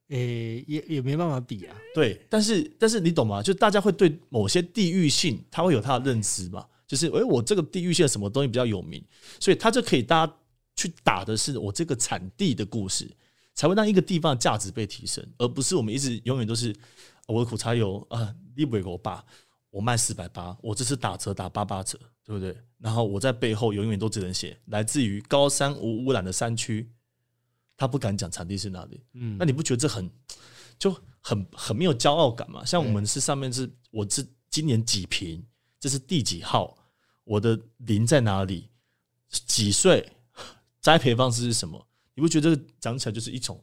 誒、欸，也也沒辦法比啊。對，但是但是你懂嗎？就大家會對某些地域性，它會有它的認知嘛？欸、就是誒、欸，我這個地域性什麼東西比較有名，所以它就可以大家去打的是我這個產地的故事，才會讓一個地方的價值被提升，而不是我們一直永遠都是、啊、我的苦茶油啊，立偉給我爸。我賣四百八，我這次打折打八八折，對不對？然後我在背後永遠都只能寫來自於高山無污染的山區，他不敢講產地是哪裡。嗯，那你不覺得這很就很很沒有驕傲感嗎？像我們是上面是、嗯、我是今年幾平，這是第幾號，我的林在哪裡，幾歲，栽培方式是什麼？你不覺得講起來就是一種？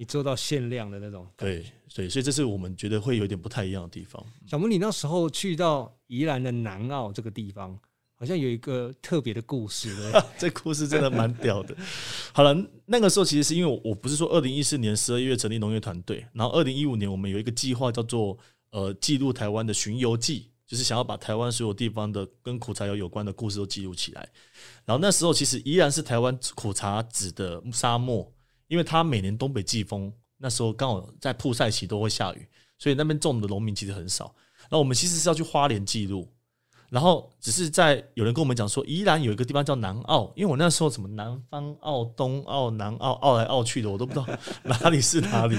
你做到限量的那種，對，對，所以這是我們覺得會有點不太一樣的地方。小木，你那時候去到宜蘭的南澳這個地方，好像有一個特別的故事。 這故事真的蠻屌的 好了，那個時候其實是因為我不是說二零一四年十二月成立農業團隊，然後二零一五年我們有一個計劃叫做呃，記錄台灣的巡遊記，就是想要把台灣所有地方的跟苦茶油有關的故事都記錄起來。然後那時候其實宜蘭是台灣苦茶籽的沙漠。因為他每年東北季風那時候剛好在曝曬期都會下雨，所以那邊種的農民其實很少。那我們其實是要去花蓮記錄，然後只是在有人跟我們講說，宜蘭有一個地方叫南澳，因為我那時候什麼南方澳、東澳、南澳、澳來澳去的，我都不知道哪裡是哪裡。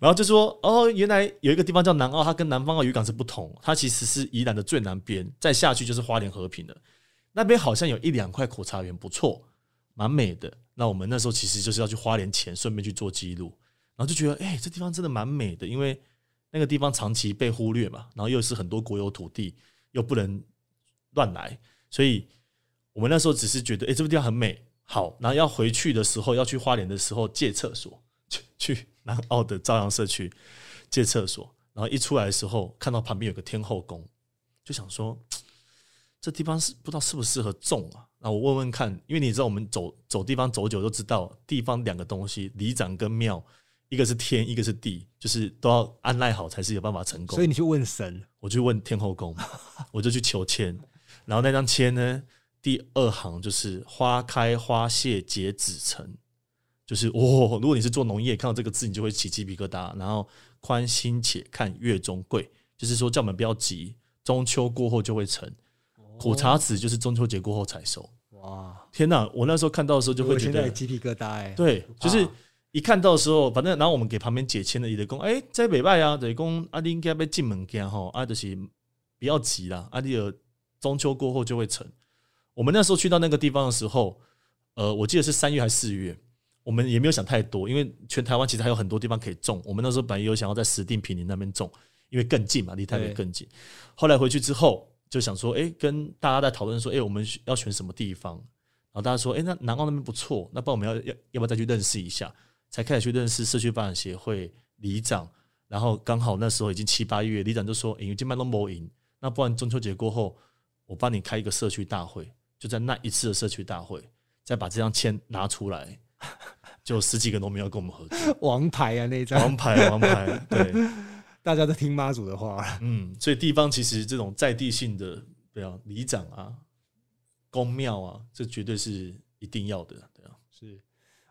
然後就說哦，原來有一個地方叫南澳，它跟南方澳漁港是不同，它其實是宜蘭的最南邊，再下去就是花蓮和平了。那邊好像有一兩塊苦茶園，不錯。蠻美的。那我們那時候其實就是要去花蓮前，順便去做記錄，然後就覺得，哎、欸，這地方真的蠻美的，因為那個地方長期被忽略嘛，然後又是很多國有土地，又不能亂來，所以我們那時候只是覺得，哎、欸，這個地方很美。好，然後要回去的時候，要去花蓮的時候借廁所，去去南澳的朝陽社區借廁所，然後一出來的時候，看到旁邊有個天後宮，就想說，這地方是不知道適不適合種啊。那、啊、我問問看，因為你知道我們走走地方走久都知道，地方兩個東西，里長跟廟，一個是天，一個是地，就是都要安耐好才是有辦法成功。所以你去問神，我去問天後宮，我就去求籤， 然後那張籤呢，第二行就是花開花謝結子成，就是哦，如果你是做農業，看到這個字你就會起雞皮疙瘩。然後寬心且看月中桂，就是說叫我們不要急，中秋過後就會成。苦茶籽就是中秋節過後才收。哇，天哪、啊！我那時候看到的時候就會覺得雞皮疙瘩。哎，對，就是一看到的時候，反正然後我們給旁邊解籤的，一得工，哎，在北外啊，得講阿應該要進門家吼，阿就是不、啊、要啊啊是急啦，阿就中秋過後就會成。我們那時候去到那個地方的時候，呃，我記得是三月還四月，我們也沒有想太多，因為全台灣其實還有很多地方可以種。我們那時候本來有想要在石碇坪林那邊種，因為更近嘛，離台北更近。後來回去之後。就想說，哎、欸，跟大家在討論說，哎、欸，我們要選什麼地方？然後大家說，哎、欸，那南澳那邊不錯，那幫我們要要要不要再去認識一下？才開始去認識社區發展協會、里長，然後剛好那時候已經七八月，里長就說，已經賣到沒影，那不然中秋節過後，我幫你開一個社區大會，就在那一次的社區大會，再把這張籤拿出來，就十幾個農民要跟我們合作，王牌啊那張，王牌、啊，王牌，對。大家都聽媽祖的話了，嗯，所以地方其實這種在地性的，對啊，里長啊，宮廟啊，這絕對是一定要的，對啊。是，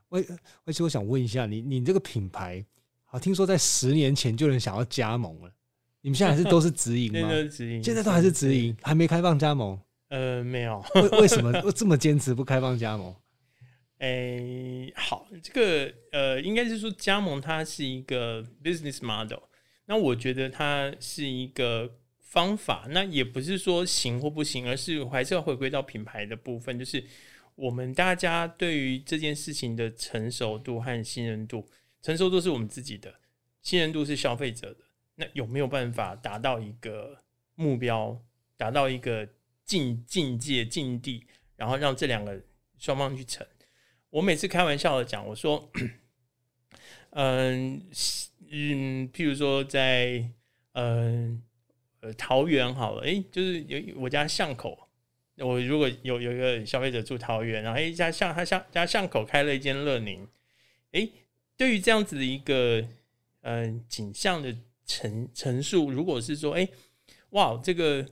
而，而且我想問一下，你，你這個品牌，好，聽說在十年前就有人想要加盟了，你們現在還是都是直營嗎？ 現在都還是直營， 還沒開放加盟？呃，沒有， 為為什麼我這麼堅持不開放加盟？哎、欸，好，這個，呃，應該是說加盟它是一個 business model。那我覺得它是一個方法，那也不是說行或不行，而是還是要回歸到品牌的部分，就是我們大家對於這件事情的成熟度和信任度，成熟度是我們自己的，信任度是消費者的。那有沒有辦法達到一個目標，達到一個境境界、境地，然後讓這兩個雙方去成？我每次開玩笑的講，我說， 嗯。嗯，譬如說在嗯呃、呃桃園好了，哎、欸，就是有我家巷口，我如果有有一個消費者住桃園，然後一、欸、家巷他巷家巷口開了一間樂檸，哎、欸，對於這樣子的一個嗯、呃、景象的陳陳述，如果是說哎、欸，哇，這個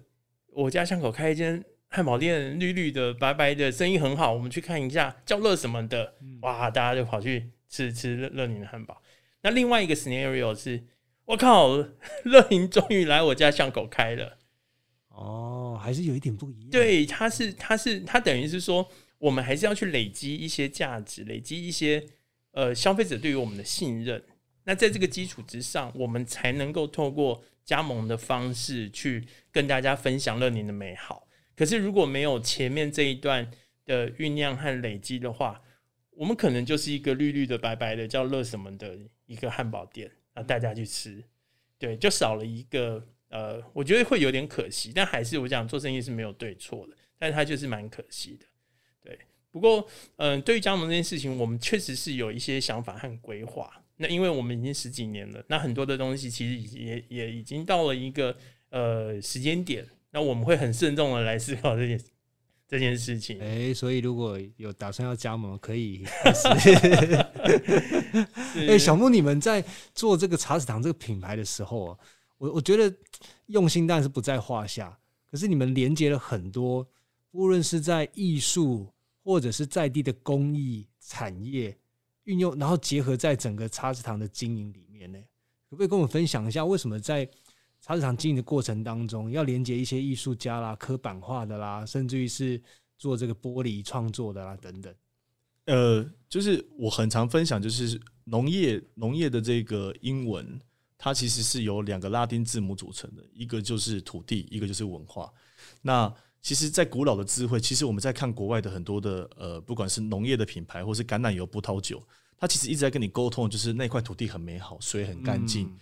我家巷口開一間漢堡店，綠綠的白白的，生意很好，我們去看一下叫樂什麼的、嗯，哇，大家就跑去吃吃樂檸的漢堡。那另外一個 scenario 是，我靠，樂檸終於來我家巷口開了，哦，還是有一點不一樣。對，他是，它是，它等於是說，我們還是要去累積一些價值，累積一些呃消費者對於我們的信任。那在這個基礎之上，我們才能夠透過加盟的方式去跟大家分享樂檸的美好。可是如果沒有前面這一段的醞釀和累積的話，我們可能就是一個綠綠的、白白的，叫樂什麼的。一個漢堡店，讓大家去吃，對，就少了一個，呃，我覺得會有點可惜，但還是我講做生意是沒有對錯的，但是它就是蠻可惜的，對。不過，嗯、呃，對於加盟這件事情，我們確實是有一些想法和規劃。那因為我們已經十幾年了，那很多的東西其實也也已經到了一個呃時間點，那我們會很慎重的來思考這件事。這件事情、嗯欸，所以如果有打算要加盟，可以。 欸、小木，你們在做這個茶籽堂這個品牌的時候、啊、我我覺得用心當然是不在話下，可是你們連接了很多，無論是在藝術或者是在地的工藝產業運用，然後結合在整個茶籽堂的經營裡面呢，可不可以跟我們分享一下為什麼在？它日常經營的過程當中，要連接一些藝術家啦、刻版畫的啦，甚至於是做這個玻璃創作的啦等等。呃，就是我很常分享，就是農業農業的這個英文，它其實是由兩個拉丁字母組成的，一個就是土地，一個就是文化。那其實，在古老的智慧，其實我們在看國外的很多的呃，不管是農業的品牌，或是橄欖油、葡萄酒，它其實一直在跟你溝通，就是那塊土地很美好，水很乾淨。嗯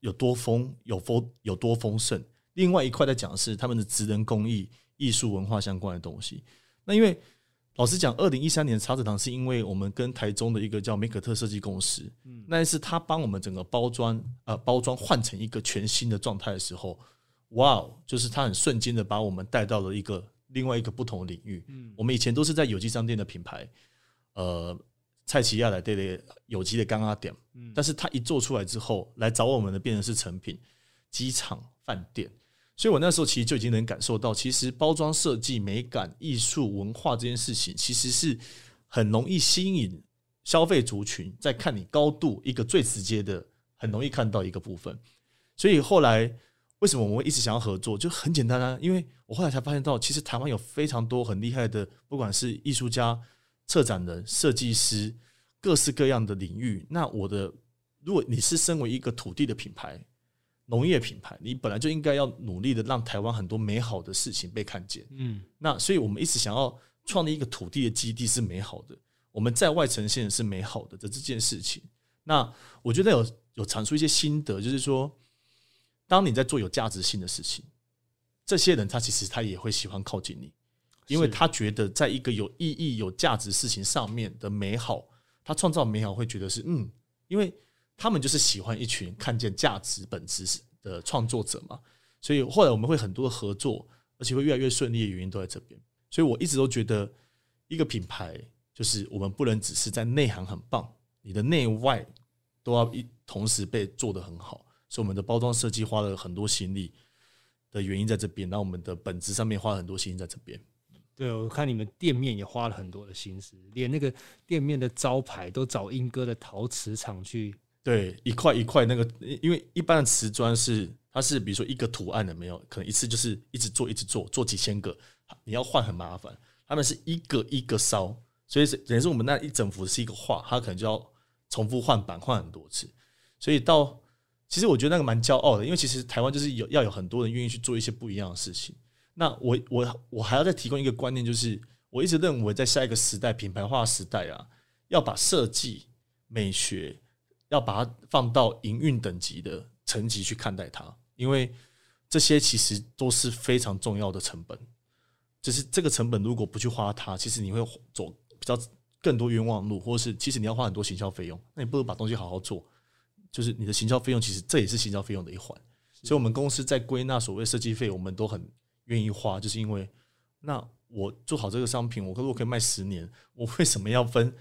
有多豐，有豐有多豐盛。另外一塊在講的是他們的職能、工藝、藝術文化相關的東西。那因為老實講，二零一三年的茶籽堂是因為我們跟台中的一個叫美可特設計公司，那是他幫我們整個包裝，呃，包裝換成一個全新的狀態的時候，哇，就是他很瞬間的把我們帶到了一個另外一個不同的領域。嗯，我們以前都是在有機商店的品牌，呃。蔡奇亞來，對對有機的乾阿點，但是他一做出來之後，來找我們的變成是成品、機場、飯店，所以我那時候其實就已經能感受到，其實包裝設計、美感、藝術、文化這件事情，其實是很容易吸引消費族群在看你高度一個最直接的，很容易看到一個部分。所以後來為什麼我們一直想要合作，就很簡單啊，因為我後來才發現到，其實台灣有非常多很厲害的，不管是藝術家、策展人、設計師，各式各樣的領域。那我的，如果你是身為一個土地的品牌、農業品牌，你本來就應該要努力的讓台灣很多美好的事情被看見。嗯，那所以我們一直想要創立一個土地的基地是美好的，我們在外呈現的是美好的的這件事情。那我覺得有有闡述一些心得，就是說，當你在做有價值性的事情，這些人他其實他也會喜歡靠近你。因為他覺得在一個有意義、有價值事情上面的美好，他創造美好會覺得是嗯，因為他們就是喜歡一群看見價值本質的創作者嘛，所以後來我們會很多的合作，而且會越來越順利的原因都在這邊。所以我一直都覺得，一個品牌就是我們不能只是在內涵很棒，你的內外都要一同時被做得很好。所以我們的包裝設計花了很多心力的原因在這邊，然後我們的本質上面花了很多心在這邊。對，我看你們店面也花了很多的心思，連那個店面的招牌都找鶯歌的陶瓷廠去。對，一塊一塊那個，因為一般的瓷磚是它是比如說一個圖案的，沒有可能一次就是一直做一直做，做幾千個，你要換很麻煩。他們是一個一個燒，所以是等於是我們那一整幅是一個畫，它可能就要重複換版換很多次。所以到其實我覺得那個蠻驕傲的，因為其實台灣就是有要有很多人願意去做一些不一樣的事情。那我我我還要再提供一個觀念，就是我一直認為在下一個時代品牌化時代啊，要把設計美學要把它放到營運等級的層級去看待它，因為這些其實都是非常重要的成本。就是這個成本如果不去花它，其實你會走比較更多冤枉路，或是其實你要花很多行銷費用，那你不如把東西好好做。就是你的行銷費用其實這也是行銷費用的一環，所以我們公司在歸納所謂設計費，我們都很。願意花，就是因為那我做好這個商品，我如果可以賣十年，我為什麼要分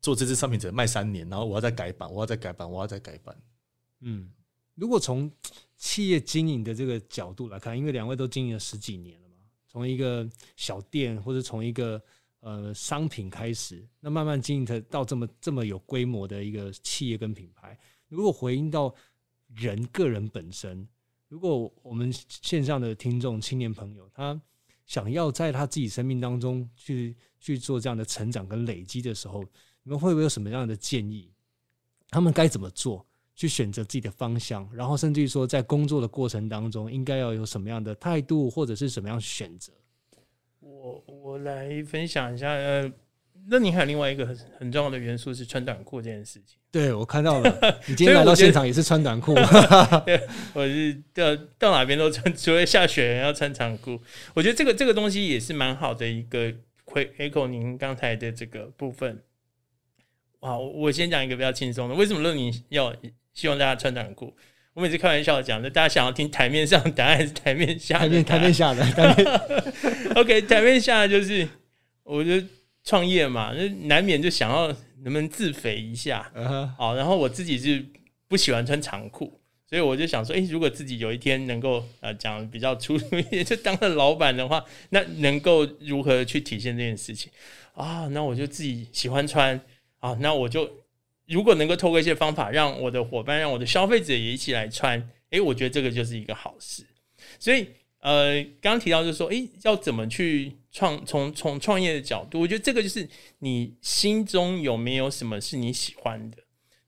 做這支商品只能賣三年，然後我要再改版，我要再改版，我要再改版？嗯，如果從企業經營的這個角度來看，因為兩位都經營了十幾年了嘛，從一個小店或者從一個呃商品開始，那慢慢經營到到這麼這麼有規模的一個企業跟品牌，如果回應到人個人本身。如果我們線上的聽眾青年朋友，他想要在他自己生命當中去去做這樣的成長跟累積的時候，你們會不會有什麼樣的建議？他們該怎麼做？去選擇自己的方向，然後甚至於說在工作的過程當中，應該要有什麼樣的態度，或者是什麼樣選擇？我我來分享一下呃。那你還有另外一個很很重要的元素是穿短褲這件事情。對，我看到了，你今天來到現場也是穿短褲 我。 我是到到哪邊都穿，除非下雪要穿長褲。我覺得這個這個東西也是蠻好的一個回回扣，您剛才的這個部分，哇，我先講一個比較輕鬆的。為什麼樂檸要希望大家穿短褲？我每次開玩笑講，的，大家想要聽台面上的答案還是台面下的？台面台面下的。 OK，台面下的就是，我覺得。創業嘛，那難免就想要能不能自肥一下，好、uh -huh.，然後我自己是不喜歡穿長褲，所以我就想說，誒，如果自己有一天能夠呃講比較出名，就當了老闆的話，那能夠如何去體現這件事情啊？那我就自己喜歡穿，啊，那我就如果能夠透過一些方法讓我的夥伴、讓我的消費者也一起來穿，誒，我覺得這個就是一個好事。所以呃，剛剛提到就是說，誒，要怎麼去。創從從創業的角度，我覺得這個就是你心中有沒有什麼是你喜歡的，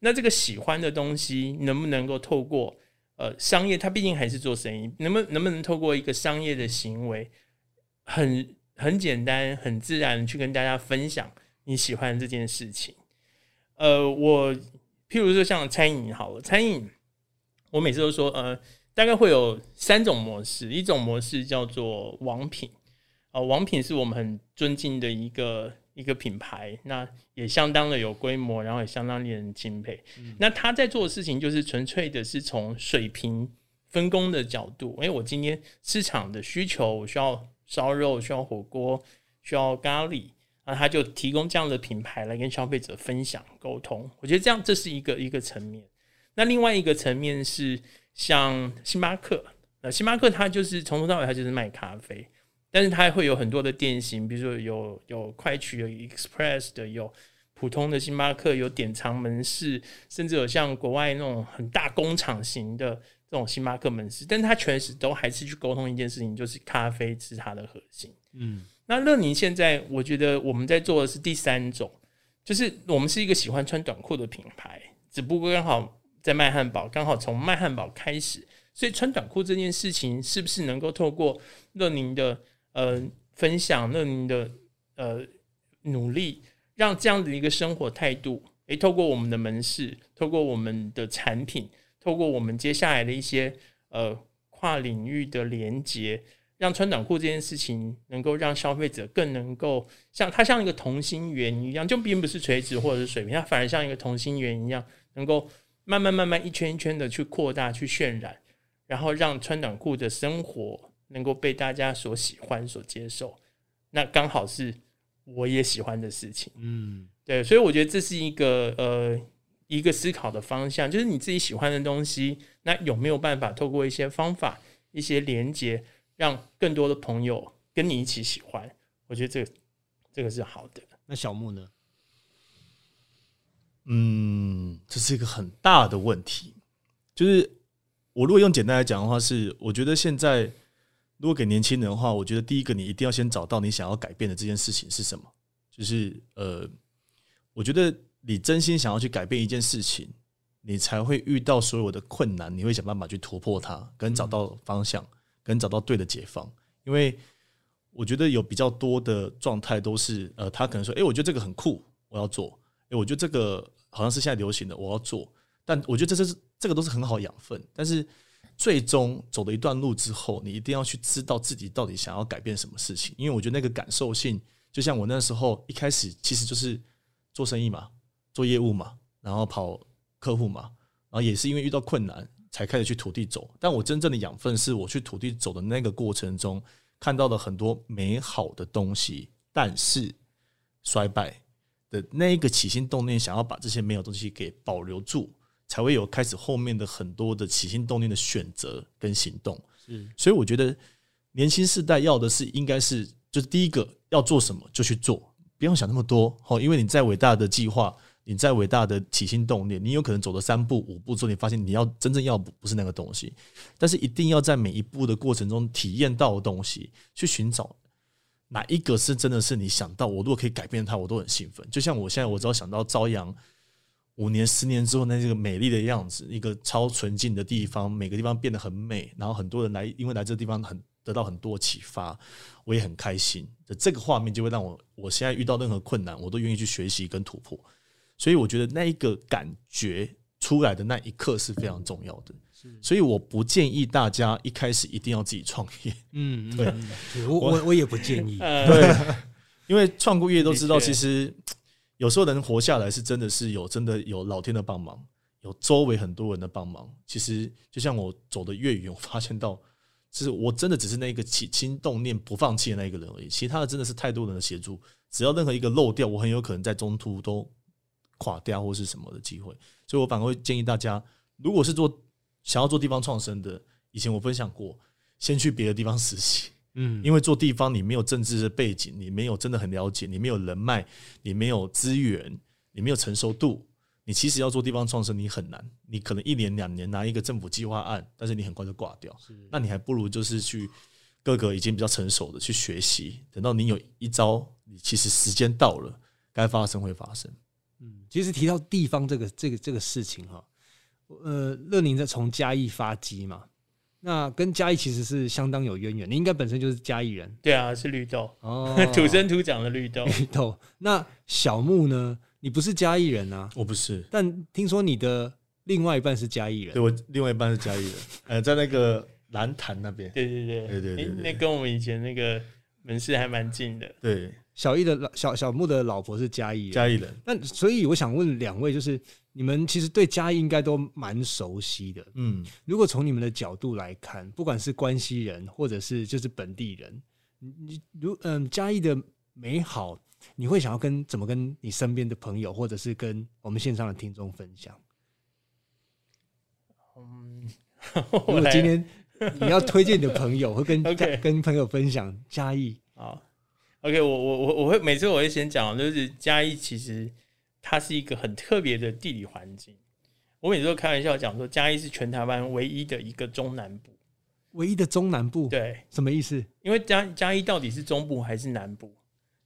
那這個喜歡的東西能不能夠透過呃商業，它畢竟還是做生意，能不能不能透過一個商業的行為，很很簡單、很自然去跟大家分享你喜歡的這件事情？呃，我譬如說像餐飲好了，餐飲我每次都說呃，大概會有三種模式，一種模式叫做王品。啊，王品是我們很尊敬的一個一個品牌，那也相當的有規模，然後也相當令人敬佩。嗯。那他在做的事情就是純粹的是從水平分工的角度，因為、欸、我今天市場的需求，我需要燒肉，需要火鍋，需要咖喱，那他就提供這樣的品牌來跟消費者分享溝通。我覺得這樣這是一個一個層面。那另外一個層面是像星巴克，那星巴克它就是從頭到尾它就是賣咖啡。但是它會有很多的店型，比如說有有快取、有 express 的，有普通的星巴克，有典藏門市，甚至有像國外那種很大工廠型的這種星巴克門市。但是它全時都還是去溝通一件事情，就是咖啡是它的核心。嗯，那樂檸現在我覺得我們在做的是第三種，就是我們是一個喜歡穿短褲的品牌，只不過剛好在賣漢堡，剛好從賣漢堡開始，所以穿短褲這件事情是不是能夠透過樂檸的？呃，分享那您的呃努力，讓這樣的一個生活態度，誒、欸，透過我們的門市，透過我們的產品，透過我們接下來的一些呃跨領域的連接，讓穿短褲這件事情能夠讓消費者更能夠像它像一個同心圓一樣，就並不是垂直或者是水平，它反而像一個同心圓一樣，能夠慢慢慢慢一圈一圈的去擴大去渲染，然後讓穿短褲的生活能夠被大家所喜歡、所接受，那剛好是我也喜歡的事情。嗯，對，所以我覺得這是一個呃一個思考的方向，就是你自己喜歡的東西，那有沒有辦法透過一些方法、一些連接，讓更多的朋友跟你一起喜歡？我覺得這個這個是好的。那小木呢？嗯，這是一個很大的問題。就是我如果用簡單來講的話是，是我覺得現在。如果給年輕人的話，我覺得第一個，你一定要先找到你想要改變的這件事情是什麼。就是呃，我覺得你真心想要去改變一件事情，你才會遇到所有的困難，你會想辦法去突破它，跟找到方向，跟找到對的解方。因為我覺得有比較多的狀態都是，呃，他可能說，誒，我覺得這個很酷，我要做。誒，我覺得這個好像是現在流行的，我要做。但我覺得這這是這個都是很好養分，但是。最終走了一段路之後，你一定要去知道自己到底想要改變什麼事情。因為我覺得那個感受性，就像我那時候一開始其實就是做生意嘛，做業務嘛，然後跑客戶嘛，然後也是因為遇到困難才開始去土地走。但我真正的養分是我去土地走的那個過程中看到了很多美好的東西，但是衰敗的那一個起心動念，想要把這些沒有東西給保留住。才會有開始後面的很多的起心動念的選擇跟行動，是，所以我覺得年輕世代要的是應該是就是第一個要做什麼就去做，不用想那麼多，因為你再偉大的計劃，你再偉大的起心動念，你有可能走了三步五步之後，你發現你要真正要不是那個東西，但是一定要在每一步的過程中體驗到的東西，去尋找哪一個是真的是你想到，我如果可以改變它，我都很興奮。就像我現在，我只要想到朝陽。五年十年之後，那這個美麗的樣子，一個超純淨的地方，每個地方變得很美，然後很多人來，因為來這個地方很得到很多啟發，我也很開心。這個畫面就會讓我，我現在遇到任何困難，我都願意去學習跟突破。所以我覺得那一個感覺出來的那一刻是非常重要的。所以我不建議大家一開始一定要自己創業。嗯，對，嗯嗯嗯、對，我我我也不建議。呃、對，對，因為創過業都知道，其實。有時候人活下來是真的是有真的有老天的幫忙，有周圍很多人的幫忙。其實就像我走得越遠，我發現到，其實我真的只是那一個起心動念不放棄的那一個人而已。其他的真的是太多人的協助，只要任何一個漏掉，我很有可能在中途都垮掉或是什麼的機會。所以我反而會建議大家，如果是做想要做地方創生的，以前我分享過，先去別的地方實習。嗯，因為做地方，你沒有政治的背景，你沒有真的很了解，你沒有人脈，你沒有資源，你沒有成熟度，你其實要做地方創生，你很難。你可能一年兩年拿一個政府計劃案，但是你很快就掛掉。那你還不如就是去各個已經比較成熟的去學習，等到你有一朝，你其實時間到了，該發生會發生。嗯，其實提到地方這個這個這個事情哈，呃，樂檸在從嘉義發跡嘛。那跟嘉義其實是相當有淵源，你應該本身就是嘉義人。對啊，是綠豆。哦，土生土長的綠豆。綠豆，那小木呢？你不是嘉義人啊？我不是，但聽說你的另外一半是嘉義人。對，我另外一半是嘉義人， 呃，在那個蘭潭那邊。對對對，對，對，對，對，對、欸，那跟我們以前那個門市還蠻近的。對。小易的老小，小木的老婆是嘉義，嘉義人。那所以我想問兩位，就是你們其實對嘉義應該都蠻熟悉的。嗯，如果從你們的角度來看，不管是關係人或者是就是本地人，你你如嗯、呃、嘉義的美好，你會想要跟怎麼跟你身邊的朋友，或者是跟我們線上的聽眾分享？嗯，如果今天你要推薦你的朋友，會 跟、okay. 跟朋友分享嘉義啊。OK，我我我我會每次我會先講，就是嘉義其實它是一個很特別的地理環境。我每次都開玩笑講說，嘉義是全台灣唯一的一個中南部，唯一的中南部。對，什麼意思？因為嘉嘉義到底是中部還是南部？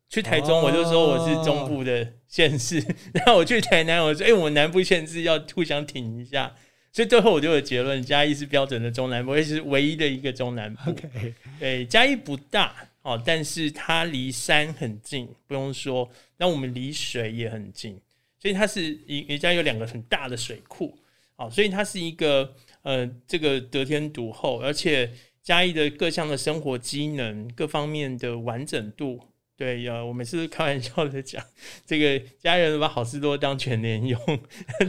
去台中我就說我是中部的縣市，哦， 然後我去台南我說哎、欸，我們南部縣市要互相挺一下，所以最後我就有結論，嘉義是標準的中南部，也是唯一的一個中南部。Okay. OK，對，嘉義不大。哦，但是它離山很近，不用說。那我們離水也很近，所以它是人人家有兩個很大的水庫。哦，所以它是一個呃，這個得天獨厚，而且嘉義的各項的生活機能各方面的完整度，對呀，我們是開玩笑的講，這個嘉義人把好事多當全聯用，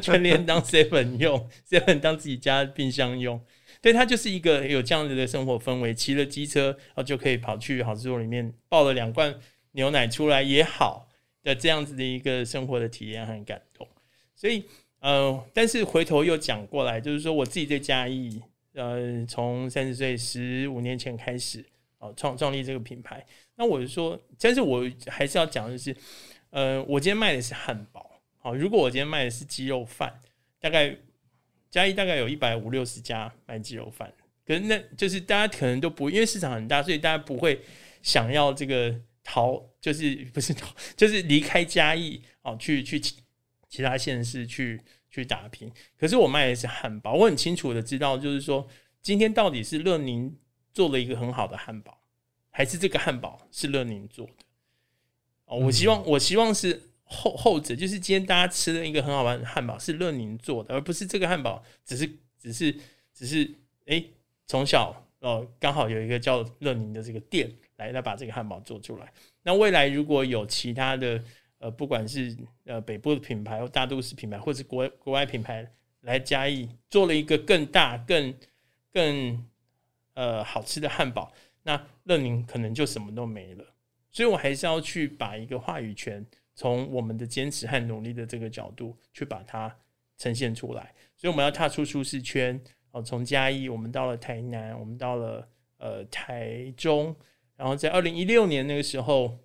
全聯當 seven 用 ，seven 當自己家的冰箱用。對，它就是一個有這樣子的生活氛圍，騎了機車，然、啊、後就可以跑去好市多裡面抱了兩罐牛奶出來也好，的這樣子的一個生活的體驗很感動。所以，呃，但是回頭又講過來，就是說我自己在嘉義，呃，從三十歲十五年前開始，哦、啊，創創立這個品牌。那我就說，但是我還是要講，就是，呃，我今天賣的是漢堡，好，如果我今天賣的是雞肉飯，大概。嘉義大概有一百五六十家賣雞肉飯，可是那就是大家可能都不，因為市場很大，所以大家不會想要這個逃，就是不是逃，就是離開嘉義哦，去去其他縣市去去打拼。可是我賣的是漢堡，我很清楚的知道，就是說今天到底是樂檸做了一個很好的漢堡，還是這個漢堡是樂檸做的？哦，我希望，我希望是。後後者就是今天大家吃的一個很好玩的漢堡是樂檸做的，而不是這個漢堡只是只是只是哎從小哦呃剛好有一個叫樂檸的這個店來來把這個漢堡做出來。那未來如果有其他的呃不管是呃北部的品牌或大都市品牌，或是國國外品牌來加以做了一個更大更更呃好吃的漢堡，那樂檸可能就什麼都沒了。所以，我還是要去把一個話語權，從我們的堅持和努力的這個角度去把它呈現出來，所以我們要踏出舒適圈。然後從嘉義，我們到了台南，我們到了呃台中，然後在二零一六年那個時候，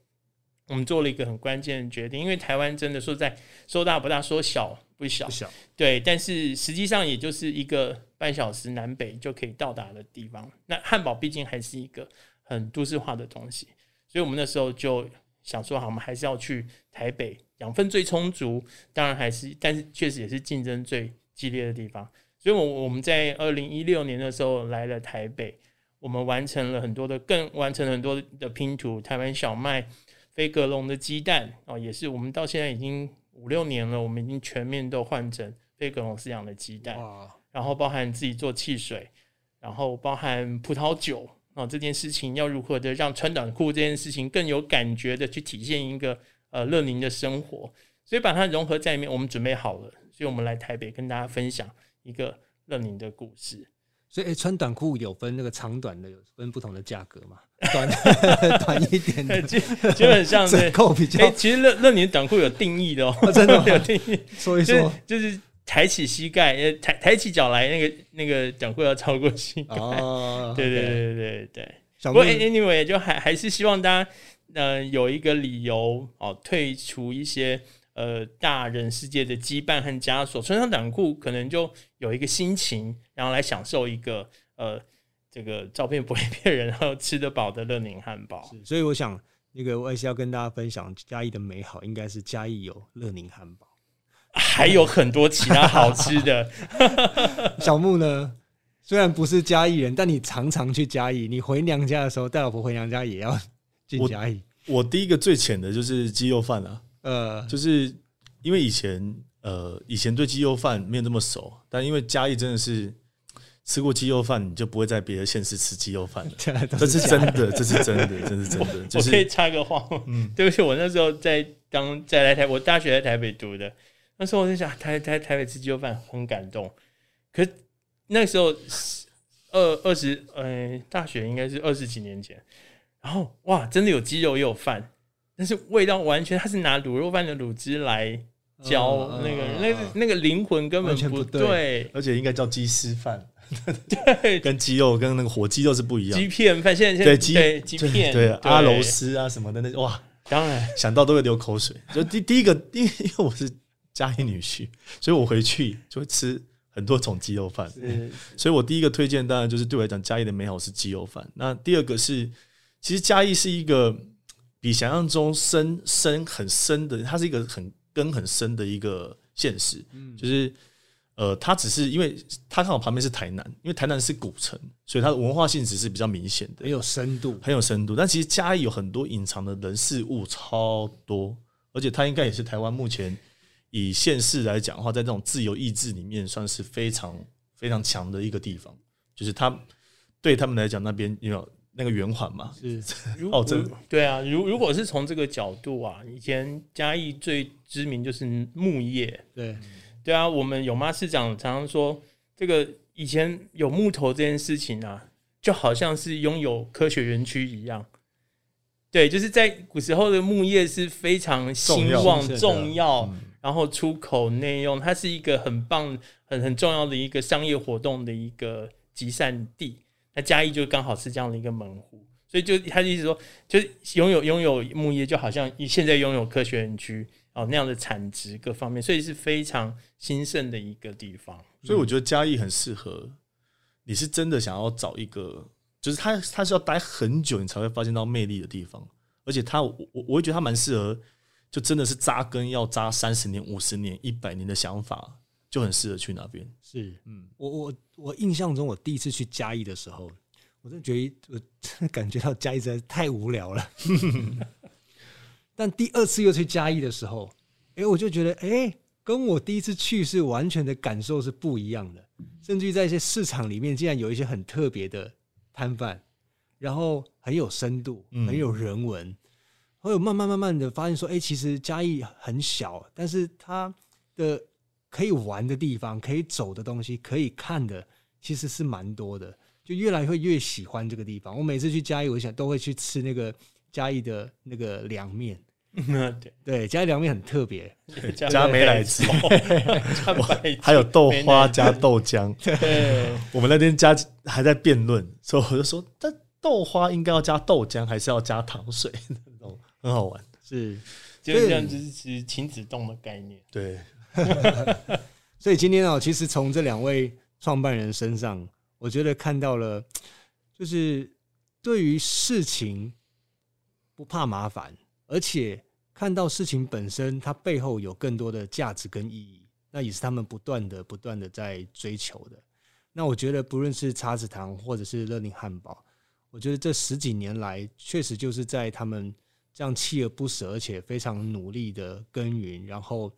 我們做了一個很關鍵的決定，因為台灣真的說在說大不大，說小不小，小對，但是實際上也就是一個半小時南北就可以到達的地方。那漢堡畢竟還是一個很都市化的東西，所以我們那時候就。想說好，我們還是要去台北，養分最充足，當然還是，但是確實也是競爭最激烈的地方。所以，我我們在二零一六年的時候來了台北，我們完成了很多的，更完成很多的拼圖。台灣小麥、非格籠的雞蛋哦，也是我們到現在已經五六年了，我們已經全面都換成非格籠飼養的雞蛋。Wow. 然後包含自己做汽水，然後包含葡萄酒。哦，這件事情要如何的讓穿短褲這件事情更有感覺的去體現一個呃樂檸的生活，所以把它融合在裡面，我們準備好了，所以我們來台北跟大家分享一個樂檸的故事。所以誒穿短褲有分那個長短的，有分不同的價格嘛？短 短一點的， 就就很像是褲 比較。哎，其實樂樂檸短褲有定義的哦，啊、真的 有定義。所以說，說就是。就是抬起膝蓋，呃，抬抬起腳來，那個那個短褲要超過膝蓋，哦、oh, okay.，對對對對對。不過 anyway 就還還是希望大家，呃，有一個理由哦，退出一些呃大人世界的羈絆和枷鎖，穿上短褲可能就有一個心情，然後來享受一個呃這個照片不會騙人，然後吃得飽的樂檸漢堡。是，所以我想，那個我也是要跟大家分享嘉義的美好，應該是嘉義有樂檸漢堡。還有很多其他好吃的。 小木呢，雖然不是嘉義人，但你常常去嘉義。你回娘家的時候，帶老婆回娘家也要進嘉義我。我第一個最淺的就是雞肉飯啊，呃，就是因為以前呃以前對雞肉飯沒有那麼熟，但因為嘉義真的是吃過雞肉飯，你就不會在別的縣市吃雞肉飯了。這是真的，這是真的，這 是真的，就是我。我可以插個話，嗯，對不起，我那時候在當在來台，我大學在台北讀的。那時候我在想台台台北吃雞肉飯很感動，可那個時候二二十呃、欸、大學應該是二十幾年前，然後哇，真的有雞肉也有飯，但是味道完全它是拿滷肉飯的滷汁來澆那個、呃、那個、呃、那個那個靈魂根本完全不對，完全不對，而且應該叫雞絲飯，對，跟雞肉跟那個火雞肉是不一樣的，雞片飯現在現在對，雞片對，對，對，對，對，阿羅斯啊什麼的那種哇，當然想到都會流口水，就第第一個因因為我是嘉義女婿，所以我回去就會吃很多種雞肉飯。所以我第一個推薦當然就是對我來講，嘉義的美好是雞肉飯。那第二個是，其實嘉義是一個比想象中深深很深的，它是一個很根很深的一個現實。就是呃，它只是因為它剛好旁邊是台南，因為台南是古城，所以它的文化性質是比較明顯的，很有深度、嗯，很有深度。但其實嘉義有很多隱藏的人事物超多，而且它應該也是台灣目前。以現世來講的話，在這種自由意志裡面，算是非常非常強的一個地方。就是他對他們來講，那邊有，有那個圓環嘛是？是 哦，對啊。如如果是從這個角度啊，以前嘉義最知名就是木業。對對啊，我們有媽市長常常說，這個以前有木頭這件事情啊，就好像是擁有科學園區一樣。對，就是在古時候的木業是非常興旺重要。是然後出口內用，它是一個很棒，很很重要的一個商業活動的一個集散地。那嘉義就剛好是這樣的一個門戶，所以就他的意思說，就是擁有擁有木業，就好像現在擁有科學園區哦那樣的產值各方面，所以是非常興盛的一個地方。所以我覺得嘉義很適合。你是真的想要找一個，就是他他是要待很久，你才會發現到魅力的地方。而且他我我會也覺得他蠻適合。就真的是紮根要扎三十年、五十年、一百年的想法，就很適合去那邊。是，嗯，我我我印象中，我第一次去嘉義的時候，我真的覺得，我真的感覺到嘉義實在太無聊了。 但第二次又去嘉義的時候，哎、欸，我就覺得，哎、欸，跟我第一次去是完全的感受是不一樣的。甚至於在一些市場裡面，竟然有一些很特別的攤販，然後很有深度，很有人文。嗯我有慢慢慢慢的發現說，哎、欸，其實嘉義很小，但是它的可以玩的地方、可以走的東西、可以看的，其實是蠻多的。就越來會越，越喜歡這個地方。我每次去嘉義，我想都會去吃那個嘉義的那個涼麵。對，對，嘉義涼面很特別。嘉沒來吃，還有豆花加豆漿。我們那天加還在辯論，所以我就說，這豆花應該要加豆漿，還是要加糖水？很好玩，是，就，就是這樣子。是親子動的概念。對 ， 所以今天啊，其實從這兩位創辦人身上，我覺得看到了，就是對於事情不怕麻煩，而且看到事情本身它背後有更多的價值跟意義，那也是他們不斷的、不斷的在追求的。那我覺得，不論是茶籽堂或者是樂檸漢堡，我覺得這十幾年來確實就是在他們。這樣鍥而不舍，而且非常努力的耕耘，然後，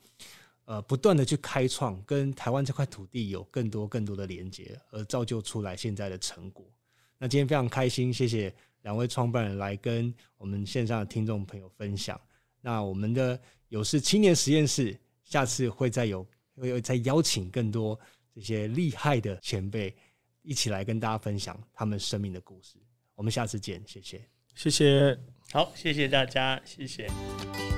呃，不斷的去開創，跟台灣這塊土地有更多更多的連接，而造就出來現在的成果。那今天非常開心，謝謝兩位創辦人來跟我們線上的聽眾朋友分享。那我們的有事青年實驗室，下次會再有，會再邀請更多這些厲害的前輩一起來跟大家分享他們生命的故事。我們下次見，謝謝，謝謝。好，謝謝大家，謝謝。